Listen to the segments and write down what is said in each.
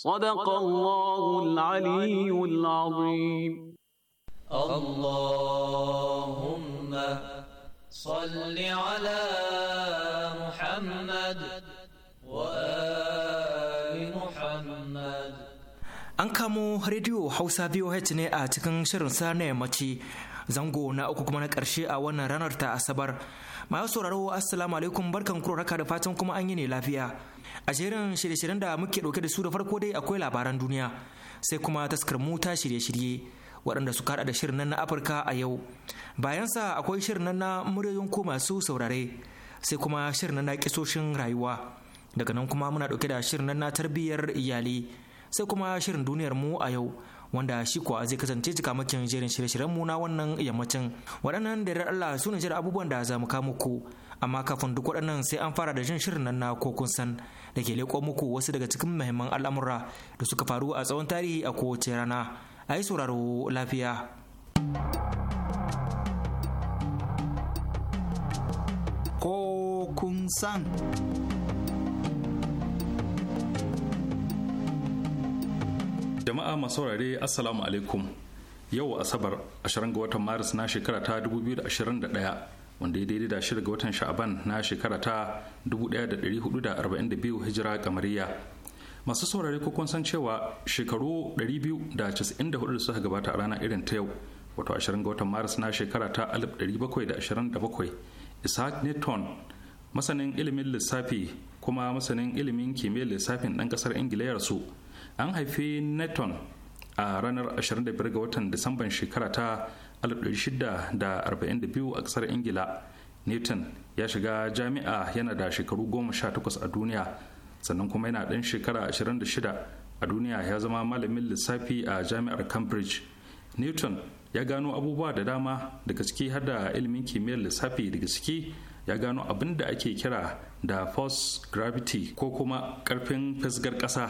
صدق الله العلي العظيم اللهم صل على محمد وآل محمد An kamo rediyo Hausa VOH ne a cikin shirin na zango na uku kuma na ƙarshe a wannan ranar ta Asabar. Masu sauraro Assalamu alaikum barkan kuro raka da fatan kuma an yi ne lafiya. a shirin shirye-shiryen da muke dauke da su da farko dai akwai labaran duniya sai kuma taskar mota shirye-shirye waɗanda suka hada da shirin nan na afirka a yau bayansa akwai shirin nan na muryoyin ko masu saurare sai kuma shirin nan na kisoshin rayuwa daga nan kuma muna dauke da shirin nan na tarbiyyar iyali sai kuma shirin duniyar mu a yau wanda shi kuwa zai kasance cikamakin jerin shirye-shiryen mu na wannan yammacin waɗannan da Allah su ne jira abubuwan da za mu kawo muku amma kafin duk waɗannan sai an fara da jin shirin nan na kokun san da ke leƙo muku wasu daga cikin mahimman al'amura da suka faru a tsawon tarihi a kowace rana a yi sauraro lafiya kokun san jama'a masu saurare assalamu alaikum yau asabar 20 ga watan maris na shekara ta 2021 wanda ya daidai da shirga watan sha'aban na shekara ta 1442 hijira kamariya masu saurare ko kun san cewa shekaru 294 da suka gabata a rana irin ta yau wato 20 ga watan maris na shekara ta 1727 isaac newton masanin ilimin lissafi kuma masanin ilimin kimiyyar lissafin dan kasar ingila ya rasu an haifi newton a ranar 25 ga watan disamban shekara ta 1642 a ƙasar ingila newton ya shiga jami'a yana da shekaru 18 a duniya sannan kuma yana ɗan shekara 26 a duniya ya zama malamin lissafi a jami'ar cambridge newton ya gano abubuwa da dama daga ciki har da ilimin kimiyyar lissafi daga ciki ya gano abin da ake kira da force gravity ko kuma karfin fisgar ƙasa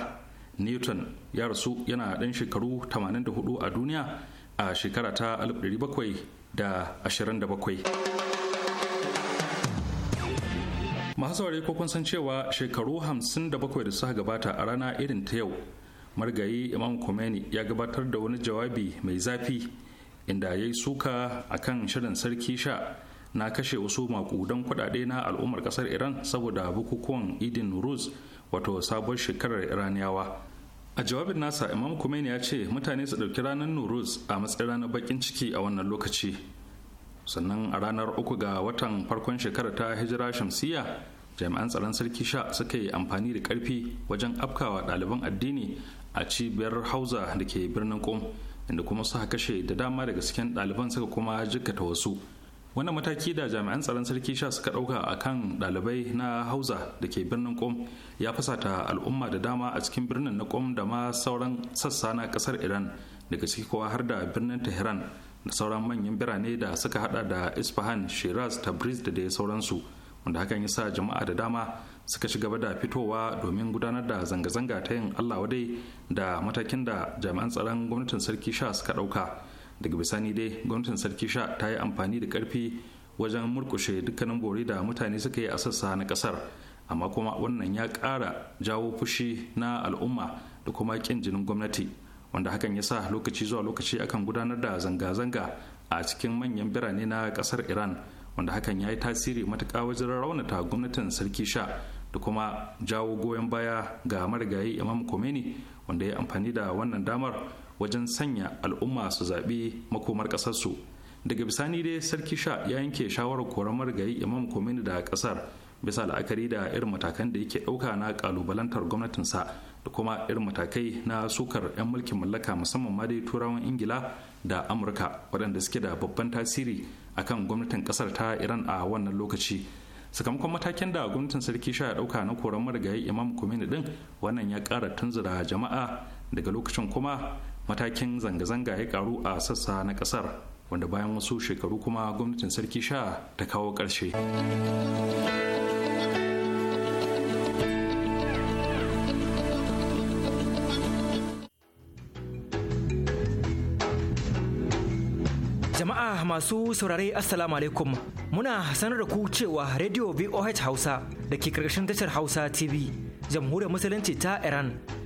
newton ya rasu yana ɗan shekaru 84 a duniya a shekara ta 1727 masu saurari ko san cewa shekaru 57 da suka gabata a rana irin ta yau margayi imam Khomeini ya gabatar da wani jawabi mai zafi inda ya yi suka a kan shirin sarki sha na kashe wasu makudan kudade na al'ummar kasar iran saboda bukukuwan idin rus wato sabon shekarar iraniyawa a jawabin nasa imam kumeni ya ce mutane su ɗauki ranar nuruz a matsayin ranar bakin ciki a wannan lokaci sannan a ranar uku ga watan farkon shekara ta hijira shamsiyya jami'an tsaron sarki sha suka yi amfani da karfi wajen afkawa ɗaliban addini a cibiyar hausa da ke birnin kom inda kuma suka kashe da dama daga cikin ɗaliban suka kuma jikkata wasu Wani mataki da jami'an tsaron sarki sha suka ɗauka a kan ɗalibai na hausa da ke birnin kom ya fasata al'umma da dama a cikin birnin na kom da ma sauran sassa na ƙasar iran daga ciki kowa har da birnin tehran da sauran manyan birane da suka hada da isfahan shiraz tabriz da dai sauransu wanda hakan ya sa jama'a da dama suka ci da fitowa domin gudanar da zanga-zanga ta yin allah wadai da matakin da jami'an tsaron gwamnatin sarki sha suka ɗauka daga bisani dai gwamnatin sarki sha ta yi amfani da karfi wajen murkushe dukkanin bore da mutane suka yi a sassa na kasar amma kuma wannan ya kara jawo fushi na al'umma da kuma ƙinjinin jinin gwamnati wanda hakan ya sa lokaci zuwa lokaci akan gudanar da zanga-zanga a cikin manyan birane na kasar iran wanda hakan ya yi tasiri matuƙa wajen raunata gwamnatin sarki sha da kuma jawo goyon baya ga marigayi imam khomeini wanda ya amfani da wannan damar wajen sanya al'umma su zaɓi makomar ƙasarsu daga bisani dai sarki sha ya yanke shawarar koran marigayi imam komini da ƙasar bisa la'akari da irin matakan da yake ɗauka na ƙalubalantar gwamnatinsa da kuma irin matakai na sukar 'yan mulkin mallaka musamman ma dai turawan ingila da amurka waɗanda suke da babban tasiri akan gwamnatin ƙasar ta iran a wannan lokaci sakamakon matakin da gwamnatin sarki sha ya ɗauka na koran marigayi imam komini ɗin wannan ya ƙara tunzura jama'a daga lokacin kuma matakin zanga-zanga ya karu a sassa na kasar wanda bayan wasu shekaru kuma gwamnatin sarki sha ta kawo ƙarshe. jama'a masu saurare assalamu alaikum muna sanar da ku cewa radio voh hausa da ke karkashin tashar hausa tv jamhuriyar musulunci ta iran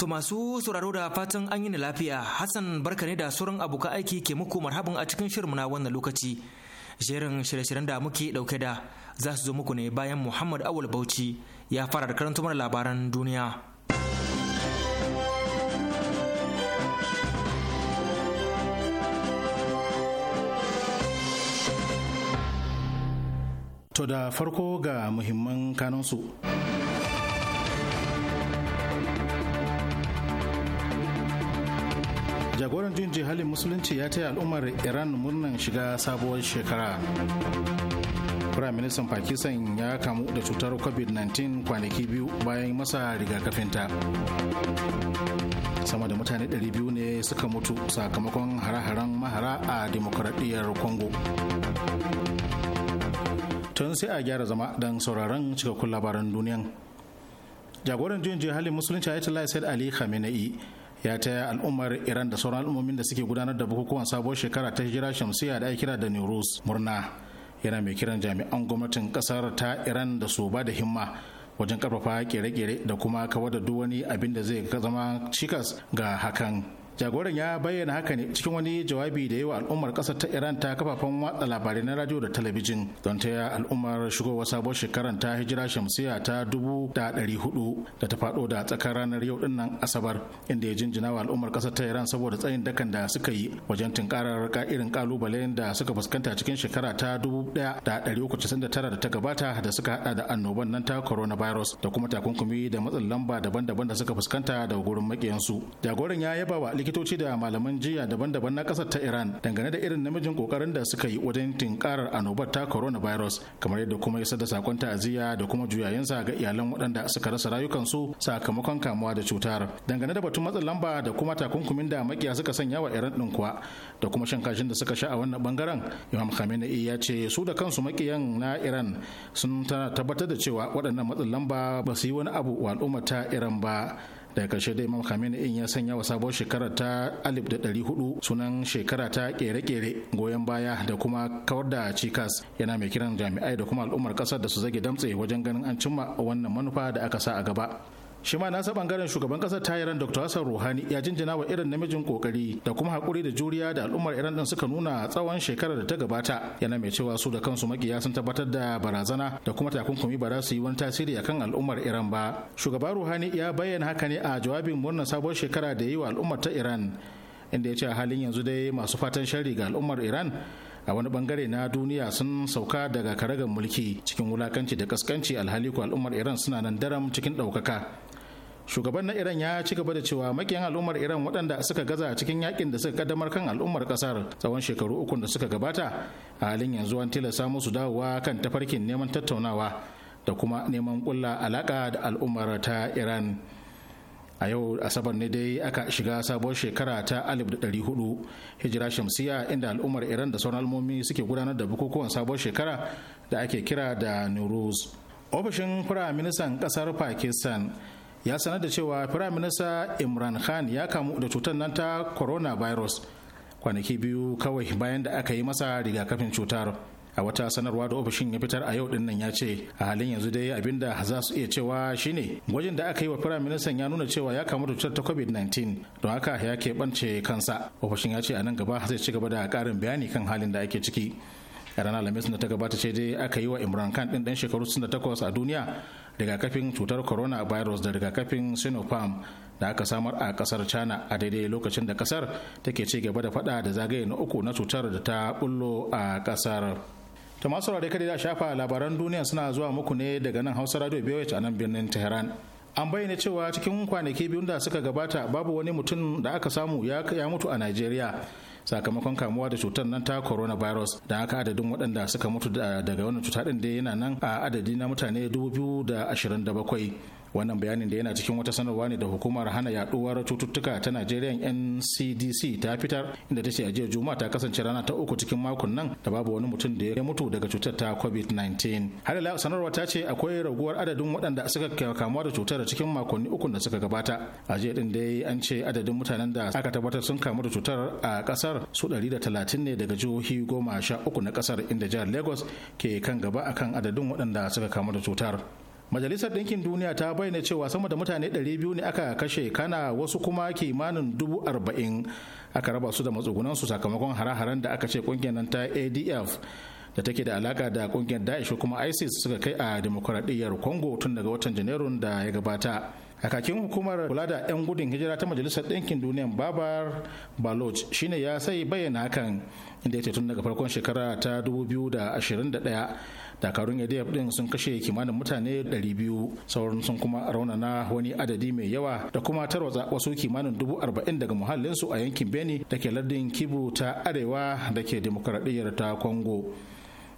To masu sauraro da fatan an yi ni lafiya Hassan barka ne da sauran abokan aiki ke muku marhaban a cikin shirin na wannan lokaci. Jerin shirye-shiryen da muke dauke da za su zo muku ne bayan Muhammad Awul Bauchi ya fara da karanta mana labaran duniya. To da farko ga muhimman kanansu. jagoran jin jihalin musulunci ya taya al'ummar iran murnan shiga sabuwar shekara prime Ministan Pakistan ya kamu da cutar COVID-19 kwanaki biyu bayan masa rigakafinta. Sama da mutane 200 ne suka mutu sakamakon hare-haren mahara a demokuraɗiyyar Congo. Tun sai a gyara zama don sauraron cikakkun labaran duniyan. Jagoran juyin halin musulunci Ayatollah Said Ali Khamenei ya taya al'ummar iran da sauran al'ummomin da suke gudanar da bukukuwan sabuwar shekara ta hijira shamsiya da kira da neurus murna yana mai kiran jami'an gwamnatin kasar ta iran da su ba da himma wajen karfafa kere-kere da kuma kawar da duk wani abin da zai zama cikas ga hakan jagoran ya bayyana haka ne cikin wani jawabi da yawa al'ummar kasar ta iran ta kafafen watsa labarai na radio da talabijin don ta yi al'ummar shigowar sabon shekarar ta hijira shamsiya ta dubu da ɗari hudu da ta faɗo da tsakar ranar yau dinnan asabar inda ya jinjina wa al'ummar kasar ta iran saboda tsayin dakan da suka yi wajen tunkarar irin kalubalen da suka fuskanta cikin shekara ta dubu ɗaya da ɗari uku da tara da ta gabata da suka haɗa da annoban nan ta coronavirus da kuma takunkumi da matsin lamba daban-daban da suka fuskanta daga gurin makiyansu jagoran ya yaba wa likitoci da malaman jiya daban-daban na kasar ta Iran dangane da irin namijin kokarin da suka yi wajen tinkarar annobar ta coronavirus kamar yadda kuma ya da sakon ta'aziyya da kuma juyayensa ga iyalan waɗanda suka rasa rayukansu sakamakon kamuwa da cutar dangane da batun matsin lamba da kuma takunkumin da makiya suka sanya wa Iran din kuwa da kuma shan kashin da suka sha a wannan bangaren Imam Khamenei ya ce su da kansu makiyan na Iran sun tabbatar da cewa waɗannan matsin lamba ba su yi wani abu wa al'ummar ta Iran ba daga karshe dai imam khamenei in ya sanya wa sabuwar shekara ta alif da hudu sunan shekara ta kere-kere goyon baya da kuma kawar da cikas yana mai kiran jami'ai da kuma al'ummar kasar da su zage damtse wajen ganin an cimma wannan manufa da aka sa a gaba shi ma nasa bangaren shugaban kasar ta iran dr hassan ruhani ya jinjina wa irin namijin kokari da kuma hakuri da juriya da al'ummar iran din suka nuna tsawon shekarar da ta gabata yana mai cewa su da kansu makiya sun tabbatar da barazana da kuma takunkumi ba za su yi wani tasiri akan al'ummar iran ba shugaba ruhani ya bayyana haka ne a jawabin murnar sabuwar shekara da yi wa al'ummar ta iran inda ya ce a halin yanzu dai masu fatan shari ga al'ummar iran a wani bangare na duniya sun sauka daga karagar mulki cikin wulakanci da kaskanci alhali ko al'ummar iran suna nan daram cikin ɗaukaka shugaban na iran ya ci gaba da cewa makiyan al'ummar iran waɗanda suka gaza cikin yakin da suka kaddamar kan al'ummar kasar tsawon shekaru uku da suka gabata a halin yanzu an tilasta musu dawowa kan tafarkin neman tattaunawa da kuma neman kulla alaka da al'ummar ta iran a yau asabar ne dai aka shiga sabuwar shekara ta 1400 hijira shamsiya inda al'ummar iran da sauran al'ummomi suke gudanar da bukukuwan sabuwar shekara da ake kira da nuruz ofishin firaministan kasar pakistan ya sanar da cewa firayim minista imran khan ya kamu da cutar nan ta coronavirus kwanaki biyu kawai bayan da aka yi masa rigakafin cutar a wata sanarwa da ofishin ya fitar a yau din nan ya ce a halin yanzu dai abinda za su iya cewa shine gwajin da aka yi wa firayim ministan ya nuna cewa ya kamu da cutar ta covid-19 don haka ya ke keɓance kansa ofishin ya ce a nan gaba zai ci gaba da ƙarin bayani kan halin da ake ciki a ranar alhamis da ta gabata ce dai aka yi wa imran khan din dan shekaru 68 a duniya rigakafin cutar corona virus da rigakafin sinopharm da aka samar a kasar china a daidai lokacin da kasar take ci gaba da fada da zagaye na uku na cutar da ta bullo a kasar ta masu rarrai da shafa labaran duniya suna zuwa muku ne daga nan hausa radio bewich a nan birnin tehran an bayyana cewa cikin kwanaki biyun da suka gabata babu wani mutum da aka samu ya mutu a nigeria sakamakon kamuwa da cutar nan ta coronavirus da haka adadin waɗanda suka mutu daga wannan cuta ɗin dai yana nan a adadi na mutane 2027 wannan bayanin da yana cikin wata sanarwa ne da hukumar hana yaduwar cututtuka ta najeriya ncdc ta fitar inda ta ce a jiya juma'a ta kasance rana ta uku cikin makon nan da babu wani mutum da ya mutu daga cutar ta covid-19 har ila sanarwa ta ce akwai raguwar adadin waɗanda suka kamuwa da cutar cikin makonni uku da suka gabata a jiya din dai an ce adadin mutanen da aka tabbatar sun kamu da cutar a kasar su 130 ne daga jihohi goma sha uku na kasar inda jihar lagos ke kan gaba akan adadin waɗanda suka kamu da cutar majalisar ɗinkin duniya ta bayyana cewa sama da mutane 200 ne aka kashe kana wasu kuma kimanin dubu arba'in aka raba su da matsugunansu sakamakon hare-haren da aka ce kungiyar nan ta adf da take da alaka da kungiyar daesh kuma isis suka kai a demokuraɗiyyar congo tun daga watan janairun da ya gabata a kakin hukumar kula da 'yan gudun hijira ta majalisar ɗinkin duniya babar baloch shine ya sai bayyana hakan inda ya ce tun daga farkon shekara ta 2021 dakarun idf din sun kashe kimanin mutane 200 sauran sun kuma rauna na wani adadi mai yawa da kuma tarwatsa wasu kimanin dubu arba'in daga muhallinsu a yankin beni da ke lardin kibu ta arewa da ke demokaradiyyar ta congo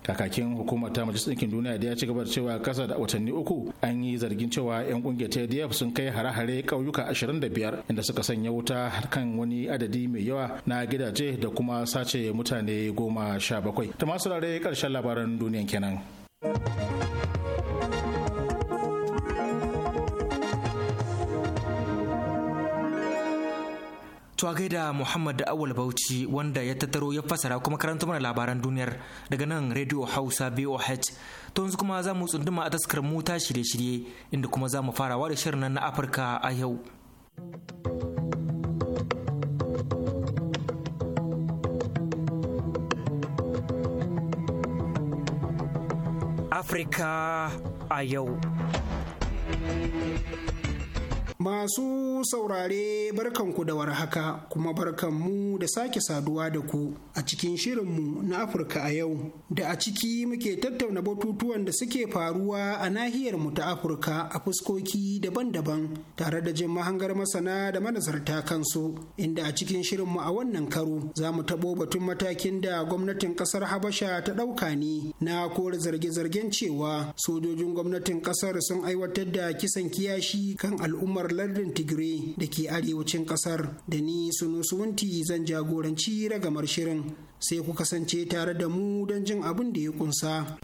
kakakin hukumar ta majalisar ɗinkin duniya da ya ci gaba da cewa kasa da watanni uku an yi zargin cewa 'yan kungiyar ta df sun kai hare-hare ƙauyuka 25 inda suka sanya wuta kan wani adadi mai yawa na gidaje da kuma sace mutane goma sha bakwai ta masu rare ƙarshen labaran duniyan kenan. To a gaida Muhammad Awal Bauchi wanda ya tattaro ya fasara kuma karanta mana labaran duniyar daga nan Radio Hausa BOH. To yanzu kuma za mu tsunduma a taskar mu ta shirye-shirye inda kuma za mu farawa da shirin nan na Afirka a yau. Afirka a yau. Masu saurare barkanku da warhaka kuma barkanmu da sake saduwa da ku a cikin shirinmu na Afirka a yau da a ciki muke tattauna batutuwan da suke faruwa a nahiyar mu ta Afirka a fuskoki daban-daban tare da jin mahangar masana da manazarta kansu inda a cikin shirinmu a wannan karo za mu tabo batun matakin da gwamnatin kasar Habasha ta ɗauka ne na kore zarge-zargen cewa sojojin gwamnatin kasar sun aiwatar da kisan kiyashi kan al'ummar London tigray da ke arewacin kasar da ni sunusuwanti zan jagoranci ragamar shirin sai ku kasance tare da mu don jin abin da ya kunsa.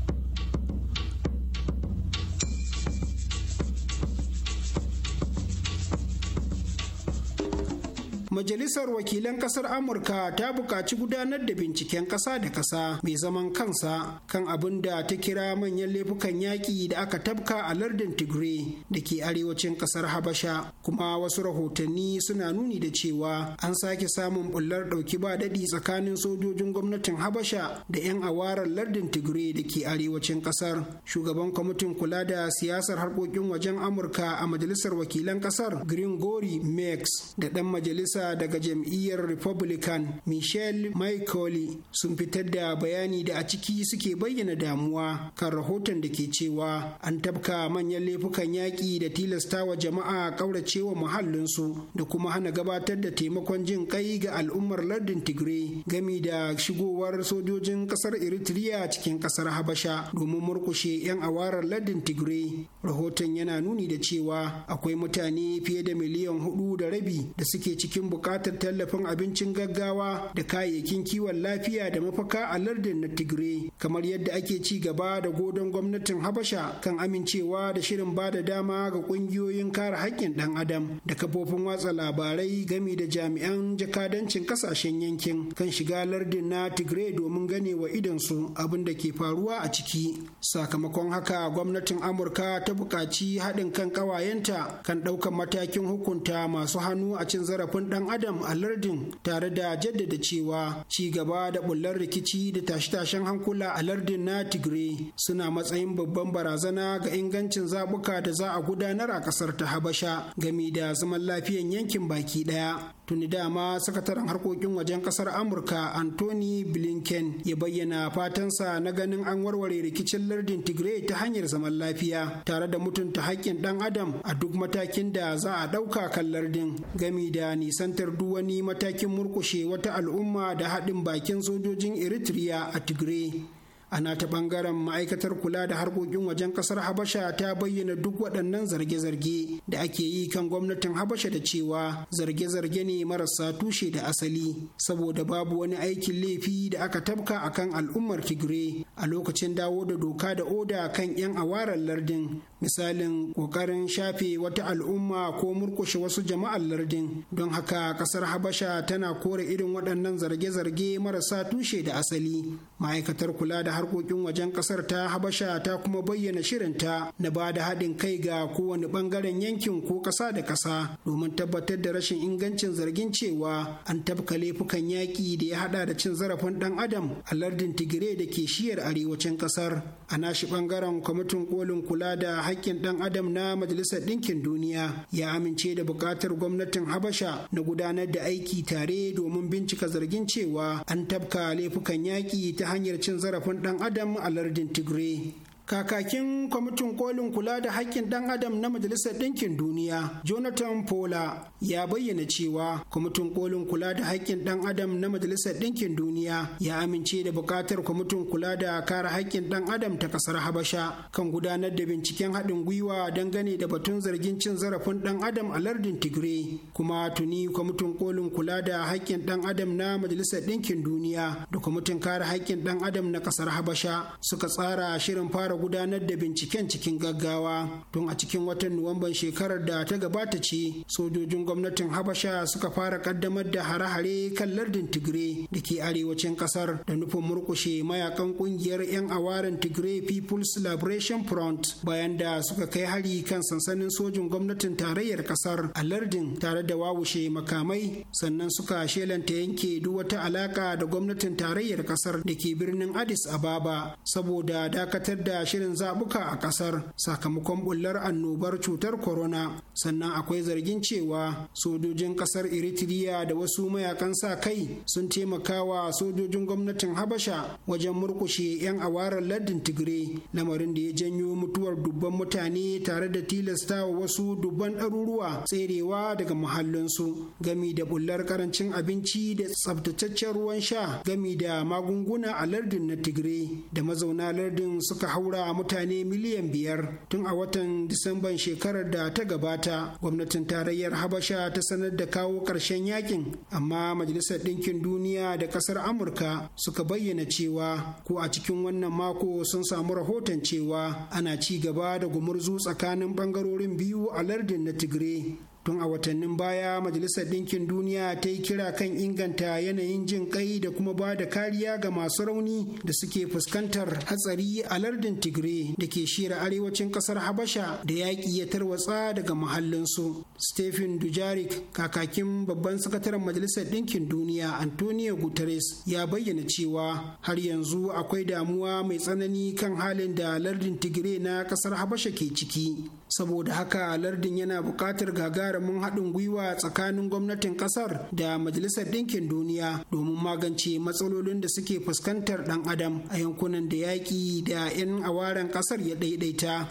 Majalisar Wakilan Kasar Amurka ta buƙaci gudanar da binciken ƙasa da ƙasa mai zaman kansa kan abin da ta kira manyan laifukan yaƙi da aka tabka a lardin Tigray da ke arewacin ƙasar Habasha. Kuma wasu rahotanni suna nuni da cewa an sake samun bullar ɗauki ba daɗi tsakanin sojojin gwamnatin Habasha da 'yan awarar lardin Tigray da ke arewacin ƙasar. Shugaban kwamitin kula da siyasar harkokin wajen Amurka a Majalisar Wakilan Ƙasar Green Gori Mex da ɗan majalisa daga jam'iyyar Republican Michelle Michaeli sun fitar da bayani da a ciki suke bayyana damuwa kan rahoton da ke cewa an tabka manyan laifukan yaƙi da tilastawa jama'a ƙauracewa muhallinsu da kuma hana gabatar da taimakon jin kai ga al'ummar lardin Tigray gami da shigowar sojojin ƙasar Eritrea cikin ƙasar Habasha domin murƙushe 'yan awarar lardin Tigray. Rahoton yana nuni da cewa akwai mutane fiye da miliyan hudu da rabi da suke cikin buƙatar tallafin abincin gaggawa da kayayyakin kiwon lafiya da mafaka a lardin na tigray kamar yadda ake ci gaba da godon gwamnatin habasha kan amincewa da shirin ba da dama ga ƙungiyoyin kare haƙƙin ɗan adam da kafofin watsa labarai gami da jami'an jakadancin ƙasashen yankin kan shiga lardin na tigray domin gane wa idonsu abin da ke faruwa a ciki sakamakon haka gwamnatin amurka ta buƙaci haɗin kan ƙawayenta kan ɗaukan matakin hukunta masu hannu a cin zarafin ɗan ɗan adam a lardin tare da jaddada cewa ci gaba da bullar rikici da tashe-tashen hankula a lardin na tigray suna matsayin babban barazana ga ingancin zabuka da za a gudanar a ƙasar ta habasha gami da zaman lafiyan yankin baki ɗaya tuni dama sakataren harkokin wajen kasar amurka anthony blinken ya bayyana fatansa na ganin an warware rikicin lardin tigray ta hanyar zaman lafiya tare da mutunta haƙƙin ɗan adam a duk matakin da za a ɗauka kan lardin gami da nisan nisantar duk wani matakin murkushe wata al'umma da haɗin bakin sojojin eritrea a tigray ana ta bangaren ma'aikatar kula da harkokin wajen ƙasar habasha ta bayyana duk waɗannan zarge-zarge da ake yi kan gwamnatin habasha da cewa zarge-zarge ne marasa tushe da asali saboda babu wani aikin laifi da aka tabka kan al'ummar Tigray a lokacin dawo da doka da oda kan 'yan awarar lardin misalin ƙoƙarin shafe wata al'umma ko murkushe wasu jama'ar lardin don haka ƙasar habasha tana kore irin waɗannan zarge-zarge marasa tushe da asali ma'aikatar kula da harkokin wajen ƙasar ta habasha ta kuma bayyana shirinta na ba da haɗin kai ga kowane ɓangaren yankin ko ƙasa da ƙasa domin tabbatar da rashin ingancin zargin cewa an tafka laifukan yaƙi da ya haɗa da cin zarafin ɗan adam a lardin tigire da ke shiyar arewacin ƙasar a nashi ɓangaren kwamitin kolin kula da haƙƙin ɗan adam na majalisar ɗinkin duniya ya amince da buƙatar gwamnatin habasha na gudanar da aiki tare domin bincika zargin cewa an tabka laifukan yaƙi ta hanyar cin zarafin ɗan adam a lardin tigray kakakin kwamitin kolin kula da haƙƙin ɗan adam na majalisar ɗinkin duniya jonathan pola ya bayyana cewa kwamitin kolin kula da haƙƙin ɗan adam na majalisar ɗinkin duniya ya amince da buƙatar kwamitin kula da kare haƙƙin ɗan adam ta ƙasar habasha kan gudanar da binciken haɗin gwiwa dangane da batun zargin cin zarafin ɗan adam a lardin tigre kuma tuni kwamitin kolin kula da haƙƙin ɗan adam na majalisar ɗinkin duniya da kwamitin kare haƙƙin ɗan adam na ƙasar habasha suka tsara shirin fara gudanar da binciken cikin gaggawa tun a cikin watan nuwamban shekarar da ta gabata ce sojojin gwamnatin habasha suka fara kaddamar da hare-hare kan lardin tigre da ke arewacin kasar da nufin murkushe mayakan kungiyar 'yan awaren tigre people's liberation front bayan da suka kai hari kan sansanin sojin gwamnatin tarayyar kasar a lardin tare da wawushe makamai sannan suka shelanta yanke duk wata alaka da gwamnatin tarayyar kasar da ke birnin addis ababa saboda dakatar da shirin zabuka a kasar sakamakon bullar annobar cutar corona sannan akwai zargin cewa sojojin kasar eritrea da wasu mayakan sa kai sun taimakawa sojojin gwamnatin habasha wajen murkushe 'yan awarar lardin tigre lamarin da ya janyo mutuwar dubban mutane tare da tilastawa wasu dubban ɗaruruwa tserewa daga muhallinsu gami da bullar karancin abinci da tsabtataccen ruwan sha gami da magunguna a lardin na tigre da mazauna lardin suka haura ɗora mutane miliyan biyar tun a watan Disamban shekarar da ta gabata gwamnatin tarayyar Habasha ta sanar da kawo ƙarshen yakin amma Majalisar Ɗinkin Duniya da ƙasar Amurka suka bayyana cewa ko a cikin wannan mako sun samu rahoton cewa ana ci gaba da gumurzu tsakanin ɓangarorin biyu a lardin na Tigray tun a watannin baya majalisar ɗinkin duniya ta yi kira kan inganta yanayin jin kai da kuma ba da kariya ga masu rauni da suke fuskantar hatsari a lardin tigre da ke shira arewacin ƙasar habasha da yaƙi ya tarwatsa daga mahallinsu stephen dujarik kakakin babban sakataren majalisar ɗinkin duniya antonio guterres ya bayyana cewa har yanzu akwai damuwa mai tsanani kan halin da lardin tigre na ƙasar habasha ke ciki saboda haka lardin yana buƙatar gagara gagarumin haɗin gwiwa tsakanin gwamnatin ƙasar da Majalisar Ɗinkin Duniya domin magance matsalolin da suke fuskantar ɗan adam a yankunan da yaƙi da 'yan awaren ƙasar ya ɗaiɗaita.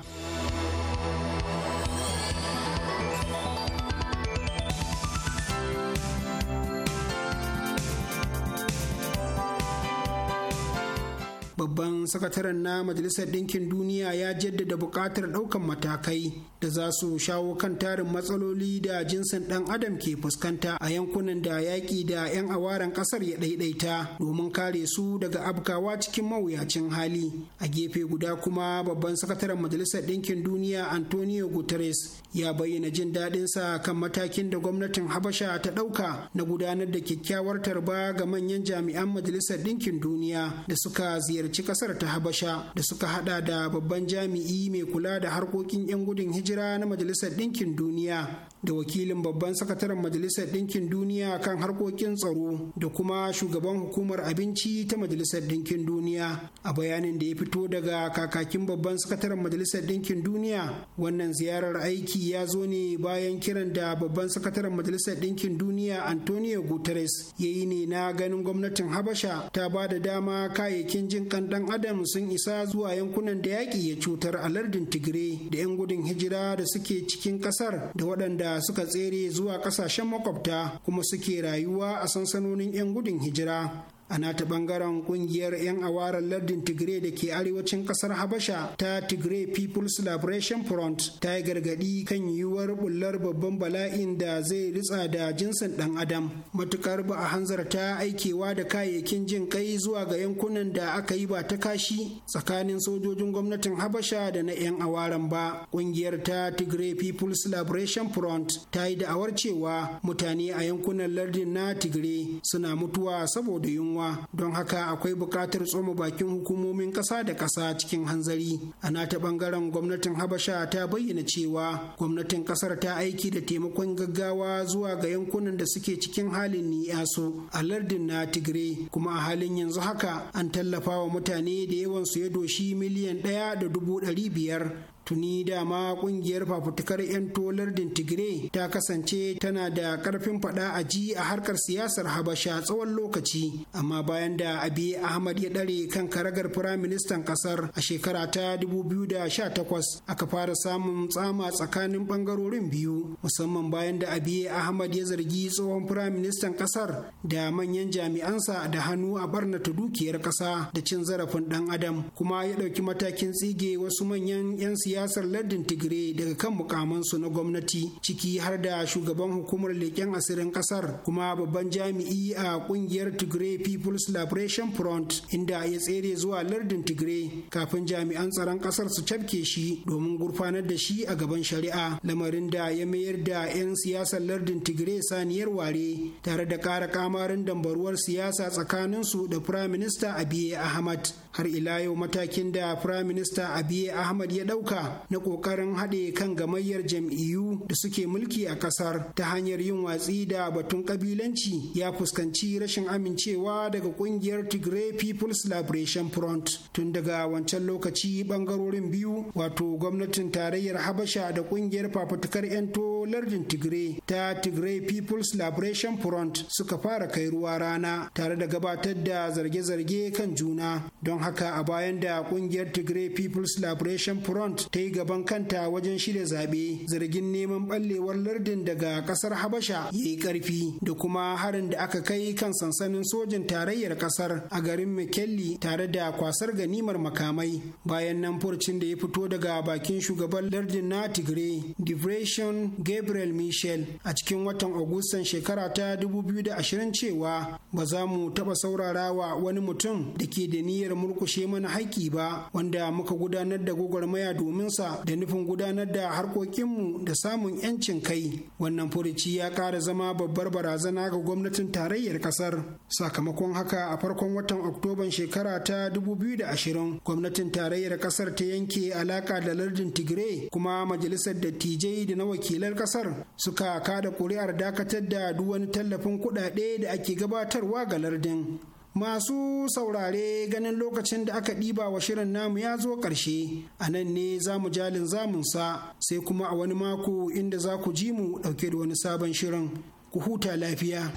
babban sakataren na majalisar ɗinkin duniya ya jaddada buƙatar ɗaukan matakai da za su shawo kan tarin matsaloli da jinsin ɗan adam ke fuskanta a yankunan da yaƙi da 'yan awaran ƙasar ya ɗaiɗaita domin kare su daga abkawa cikin mawuyacin hali a gefe guda kuma babban sakataren majalisar ɗinkin duniya antonio guterres ya bayyana jin daɗinsa kan matakin da gwamnatin habasha ta ɗauka na gudanar da kyakkyawar tarba ga manyan jami'an majalisar ɗinkin duniya da suka ziyarci ƙasar ta habasha da suka haɗa da babban jami'i mai kula da harkokin 'yan gudun hijira hijira na majalisar ɗinkin duniya da wakilin babban sakataren majalisar ɗinkin duniya kan harkokin tsaro da kuma shugaban hukumar abinci ta majalisar ɗinkin duniya a bayanin da ya fito daga kakakin babban sakataren majalisar ɗinkin duniya wannan ziyarar aiki ya zo ne bayan kiran da babban sakataren majalisar ɗinkin duniya antonio guterres ya yi ne na ganin gwamnatin habasha ta ba da dama kayayyakin jin kan ɗan adam sun isa zuwa yankunan da yaƙi ya cutar a lardin tigire da 'yan gudun hijira da suke cikin ƙasar da waɗanda waɗanda suka tsere zuwa ƙasashen makwabta kuma suke rayuwa a sansanonin 'yan gudun hijira Ana ta bangaren kungiyar 'yan awarar lardin tigray da ke arewacin kasar habasha ta tigray people's liberation front ta yi gargadi kan yiwuwar bullar babban bala'in da zai ritsa da jinsin dan adam matukar ba a hanzarta aikewa da kayayyakin jin kai zuwa ga yankunan da aka yi ba ta kashi tsakanin sojojin gwamnatin habasha da na 'yan awaran ba kungiyar ta tigray people's liberation front ta yi da'awar cewa mutane a yankunan lardin na tigray suna mutuwa saboda yunwa yunwa don haka akwai bukatar tsoma bakin hukumomin ƙasa da ƙasa cikin hanzari a nata ɓangaren gwamnatin habasha ta bayyana cewa gwamnatin ƙasar ta aiki da taimakon gaggawa zuwa ga yankunan da suke cikin halin ni'yasu a lardin na tigre kuma a halin yanzu haka an tallafa wa mutane da yawan su ya doshi miliyan ɗaya da dubu ɗari biyar tuni dama kungiyar fafutukar 'yan tolardin tigray ta kasance tana da karfin fada a ji a harkar siyasar habasha tsawon lokaci amma bayan da abi ahmad ya dare kan karagar firaministan kasar a shekara ta 2018 aka fara samun tsama tsakanin bangarorin biyu musamman bayan da abi ahmad ya zargi tsohon firaministan kasar da manyan jami'ansa da hannu a barnata dukiyar kasa da cin zarafin dan adam kuma ya ɗauki matakin tsige wasu manyan 'yan siyasa siyasar lardin tigray daga kan mukamansu na gwamnati ciki har da shugaban hukumar leƙen asirin ƙasar kuma babban jami'i a ƙungiyar tigray people's liberation front inda ya tsere zuwa lardin tigray kafin jami'an tsaron ƙasar su cafke shi domin gurfanar da shi a gaban shari'a lamarin da ya mayar da 'yan siyasar lardin tigray saniyar ware tare da ƙara kamarin dambaruwar siyasa tsakaninsu da firaminista abiy ahmad har ila yau matakin da firayim minista abiy ahmad ya ɗauka na ƙoƙarin haɗe kan gamayyar jam'iyyu da suke mulki a ƙasar ta hanyar yin watsi da batun ƙabilanci ya fuskanci rashin amincewa daga ƙungiyar tigray people's liberation front tun daga wancan lokaci ɓangarorin biyu wato gwamnatin tarayyar habasha da ƙungiyar fafutukar 'yan lardin tigray ta tigray people's liberation front suka fara kai ruwa rana tare da gabatar da zarge-zarge kan juna don haka a bayan da kungiyar Tigray People's Liberation Front ta yi gaban kanta wajen shirya zaɓe zargin neman ɓallewar lardin daga ƙasar Habasha ya yi ƙarfi da kuma harin da aka kai kan sansanin sojin tarayyar ƙasar a garin McKinley tare da kwasar ganimar makamai bayan nan furcin da ya fito daga bakin shugaban lardin na Tigray Depression Gabriel Michel a cikin watan Agustan shekara ta dubu biyu da ashirin cewa ba za mu taɓa saurara wa wani mutum da ke da niyyar murgu murkushe mana haƙƙi ba wanda muka gudanar da gwagwarmaya domin sa da nufin gudanar da harkokinmu da samun 'yancin kai wannan furuci ya ƙara zama babbar barazana ga gwamnatin tarayyar ƙasar sakamakon haka a farkon watan oktoban shekara ta 2020 gwamnatin tarayyar ƙasar ta yanke alaƙa da lardin tigray kuma majalisar dattijai da na wakilan ƙasar suka kada ƙuri'ar dakatar da duk wani tallafin kuɗaɗe da ake gabatarwa ga lardin Masu saurare ganin lokacin da aka ɗiba wa shirin namu ya zo ƙarshe, a nan ne za mu jalin zamunsa sai kuma a wani mako inda za ku ji mu ɗauke da wani sabon shirin. Ku huta lafiya.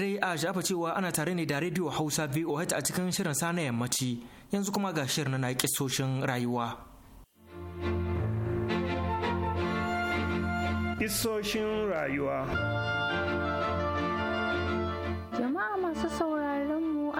dai a shafa cewa ana tare ne da radio hausa voh a cikin shirin sana yammaci yanzu kuma ga shirin na kisoshin rayuwa Kisoshin rayuwa jama'a masu saurari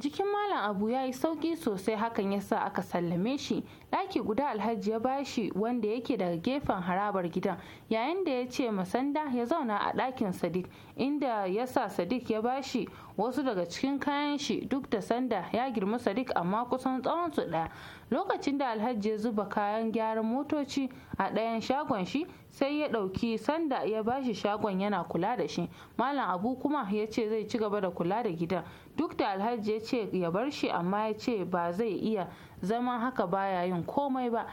jikin malam abu ya yi sauki sosai hakan ya sa aka sallame shi ɗaki guda alhaji ya bashi wanda yake daga gefen harabar gidan yayin da ya ce masanda ya zauna a ɗakin sadiq inda ya sa sadiq ya bashi wasu daga cikin kayan shi duk da sanda ya girma sadiq amma kusan tsawon su ɗaya lokacin da alhaji ya zuba kayan gyaran motoci a ɗayan shagon shi sai ya ɗauki sanda ya bashi shagon yana kula da shi malam abu kuma ya ce zai ci gaba da kula da gidan duk da alhaji ya ce ya bar shi amma ya ce ba zai iya zama haka baya yin komai ba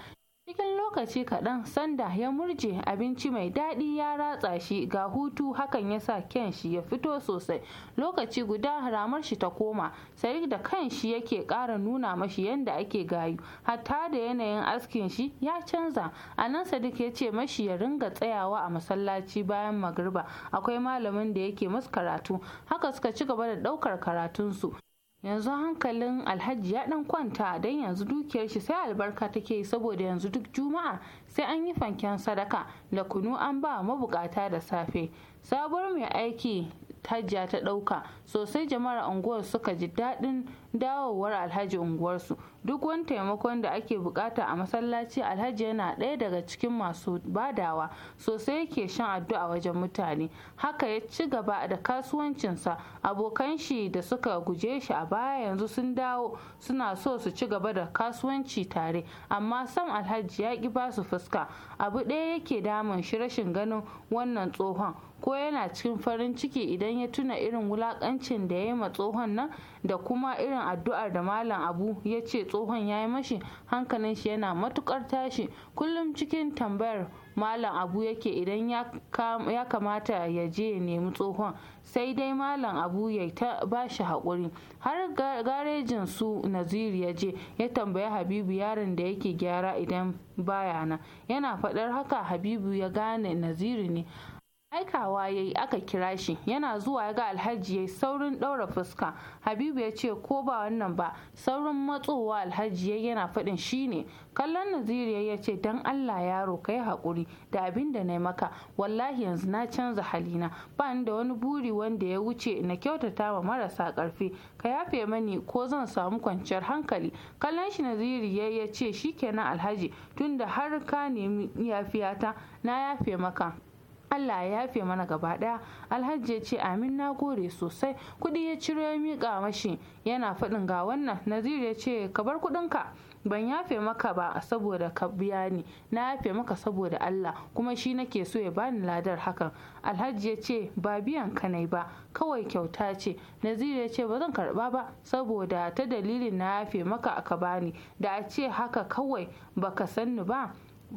cikin lokaci kaɗan sanda ya murje abinci mai daɗi ya ratsa shi ga hutu hakan ya sa ken shi ya fito sosai lokaci guda ramar shi ta koma sai da kan shi yake ƙara nuna mashi yadda ake gayu hatta da yanayin askin shi ya canza a nan sadik ya ce mashi ya ringa tsayawa a masallaci bayan magriba akwai malamin da yake masu karatu haka suka ci gaba da ɗaukar karatunsu yanzu hankalin alhaji ya dan kwanta don yanzu dukiyar shi sai albarka take yi saboda yanzu duk juma'a sai an yi fanken sadaka da kunu an ba mabukata da safe sabuwar mai aiki hajja ta ɗauka sosai jama'ar unguwar suka ji daɗin dawowar alhaji unguwarsu duk wani taimakon da ake bukata a masallaci alhaji yana ɗaya daga cikin masu badawa sosai yake shan addu'a wajen mutane haka ya ci gaba da kasuwancinsa abokan shi da suka guje shi a baya yanzu sun dawo suna so su ci gaba da kasuwanci tare amma sam alhaji ya ki ba su fuska abu ɗaya yake damun shi rashin ganin wannan tsohon ko yana cikin farin ciki idan ya tuna irin wulakancin da ya yi ma tsohon nan da kuma irin addu'ar da malam abu ya ce tsohon ya yi mashi hankalin shi yana matukar tashi kullum cikin tambayar malam abu yake idan ya kamata ya je ya nemi tsohon sai dai malam abu ya ta ba shi haƙuri har garejin su naziru ya je ya tambayi habibu yaron da yake gyara idan baya nan yana faɗar haka habibu ya gane naziru ne aikawa ya yi aka kira shi yana zuwa ya ga alhaji ya saurin ɗaura fuska habibu ya ce ko ba wannan ba saurin matsowa alhaji ya yana faɗin shi ne kallon naziri ya ce don allah yaro ka yi haƙuri da abin da na maka wallahi yanzu na canza halina ba ni da wani buri wanda ya wuce na kyautata wa marasa ƙarfi ka yafe mani ko zan samu kwanciyar hankali kallon shi naziri ya ce shikenan alhaji tunda har ka nemi yafiyata na yafe maka Allah ya yafe mana gaba daya alhaji ya ce amin na gore sosai kudi ya ciro ya mika mashi yana faɗin ga wannan naziru ya ce ka bar kuɗinka ban yafe maka ba saboda ka biya ni na yafe maka saboda Allah kuma shi nake so ya bani ladar hakan alhaji ya ce ba biyan ka nai ba kawai kyauta ce naziru ya ce ba zan karba ba saboda ta dalilin na yafe maka aka bani da a ce haka kawai baka sanni ba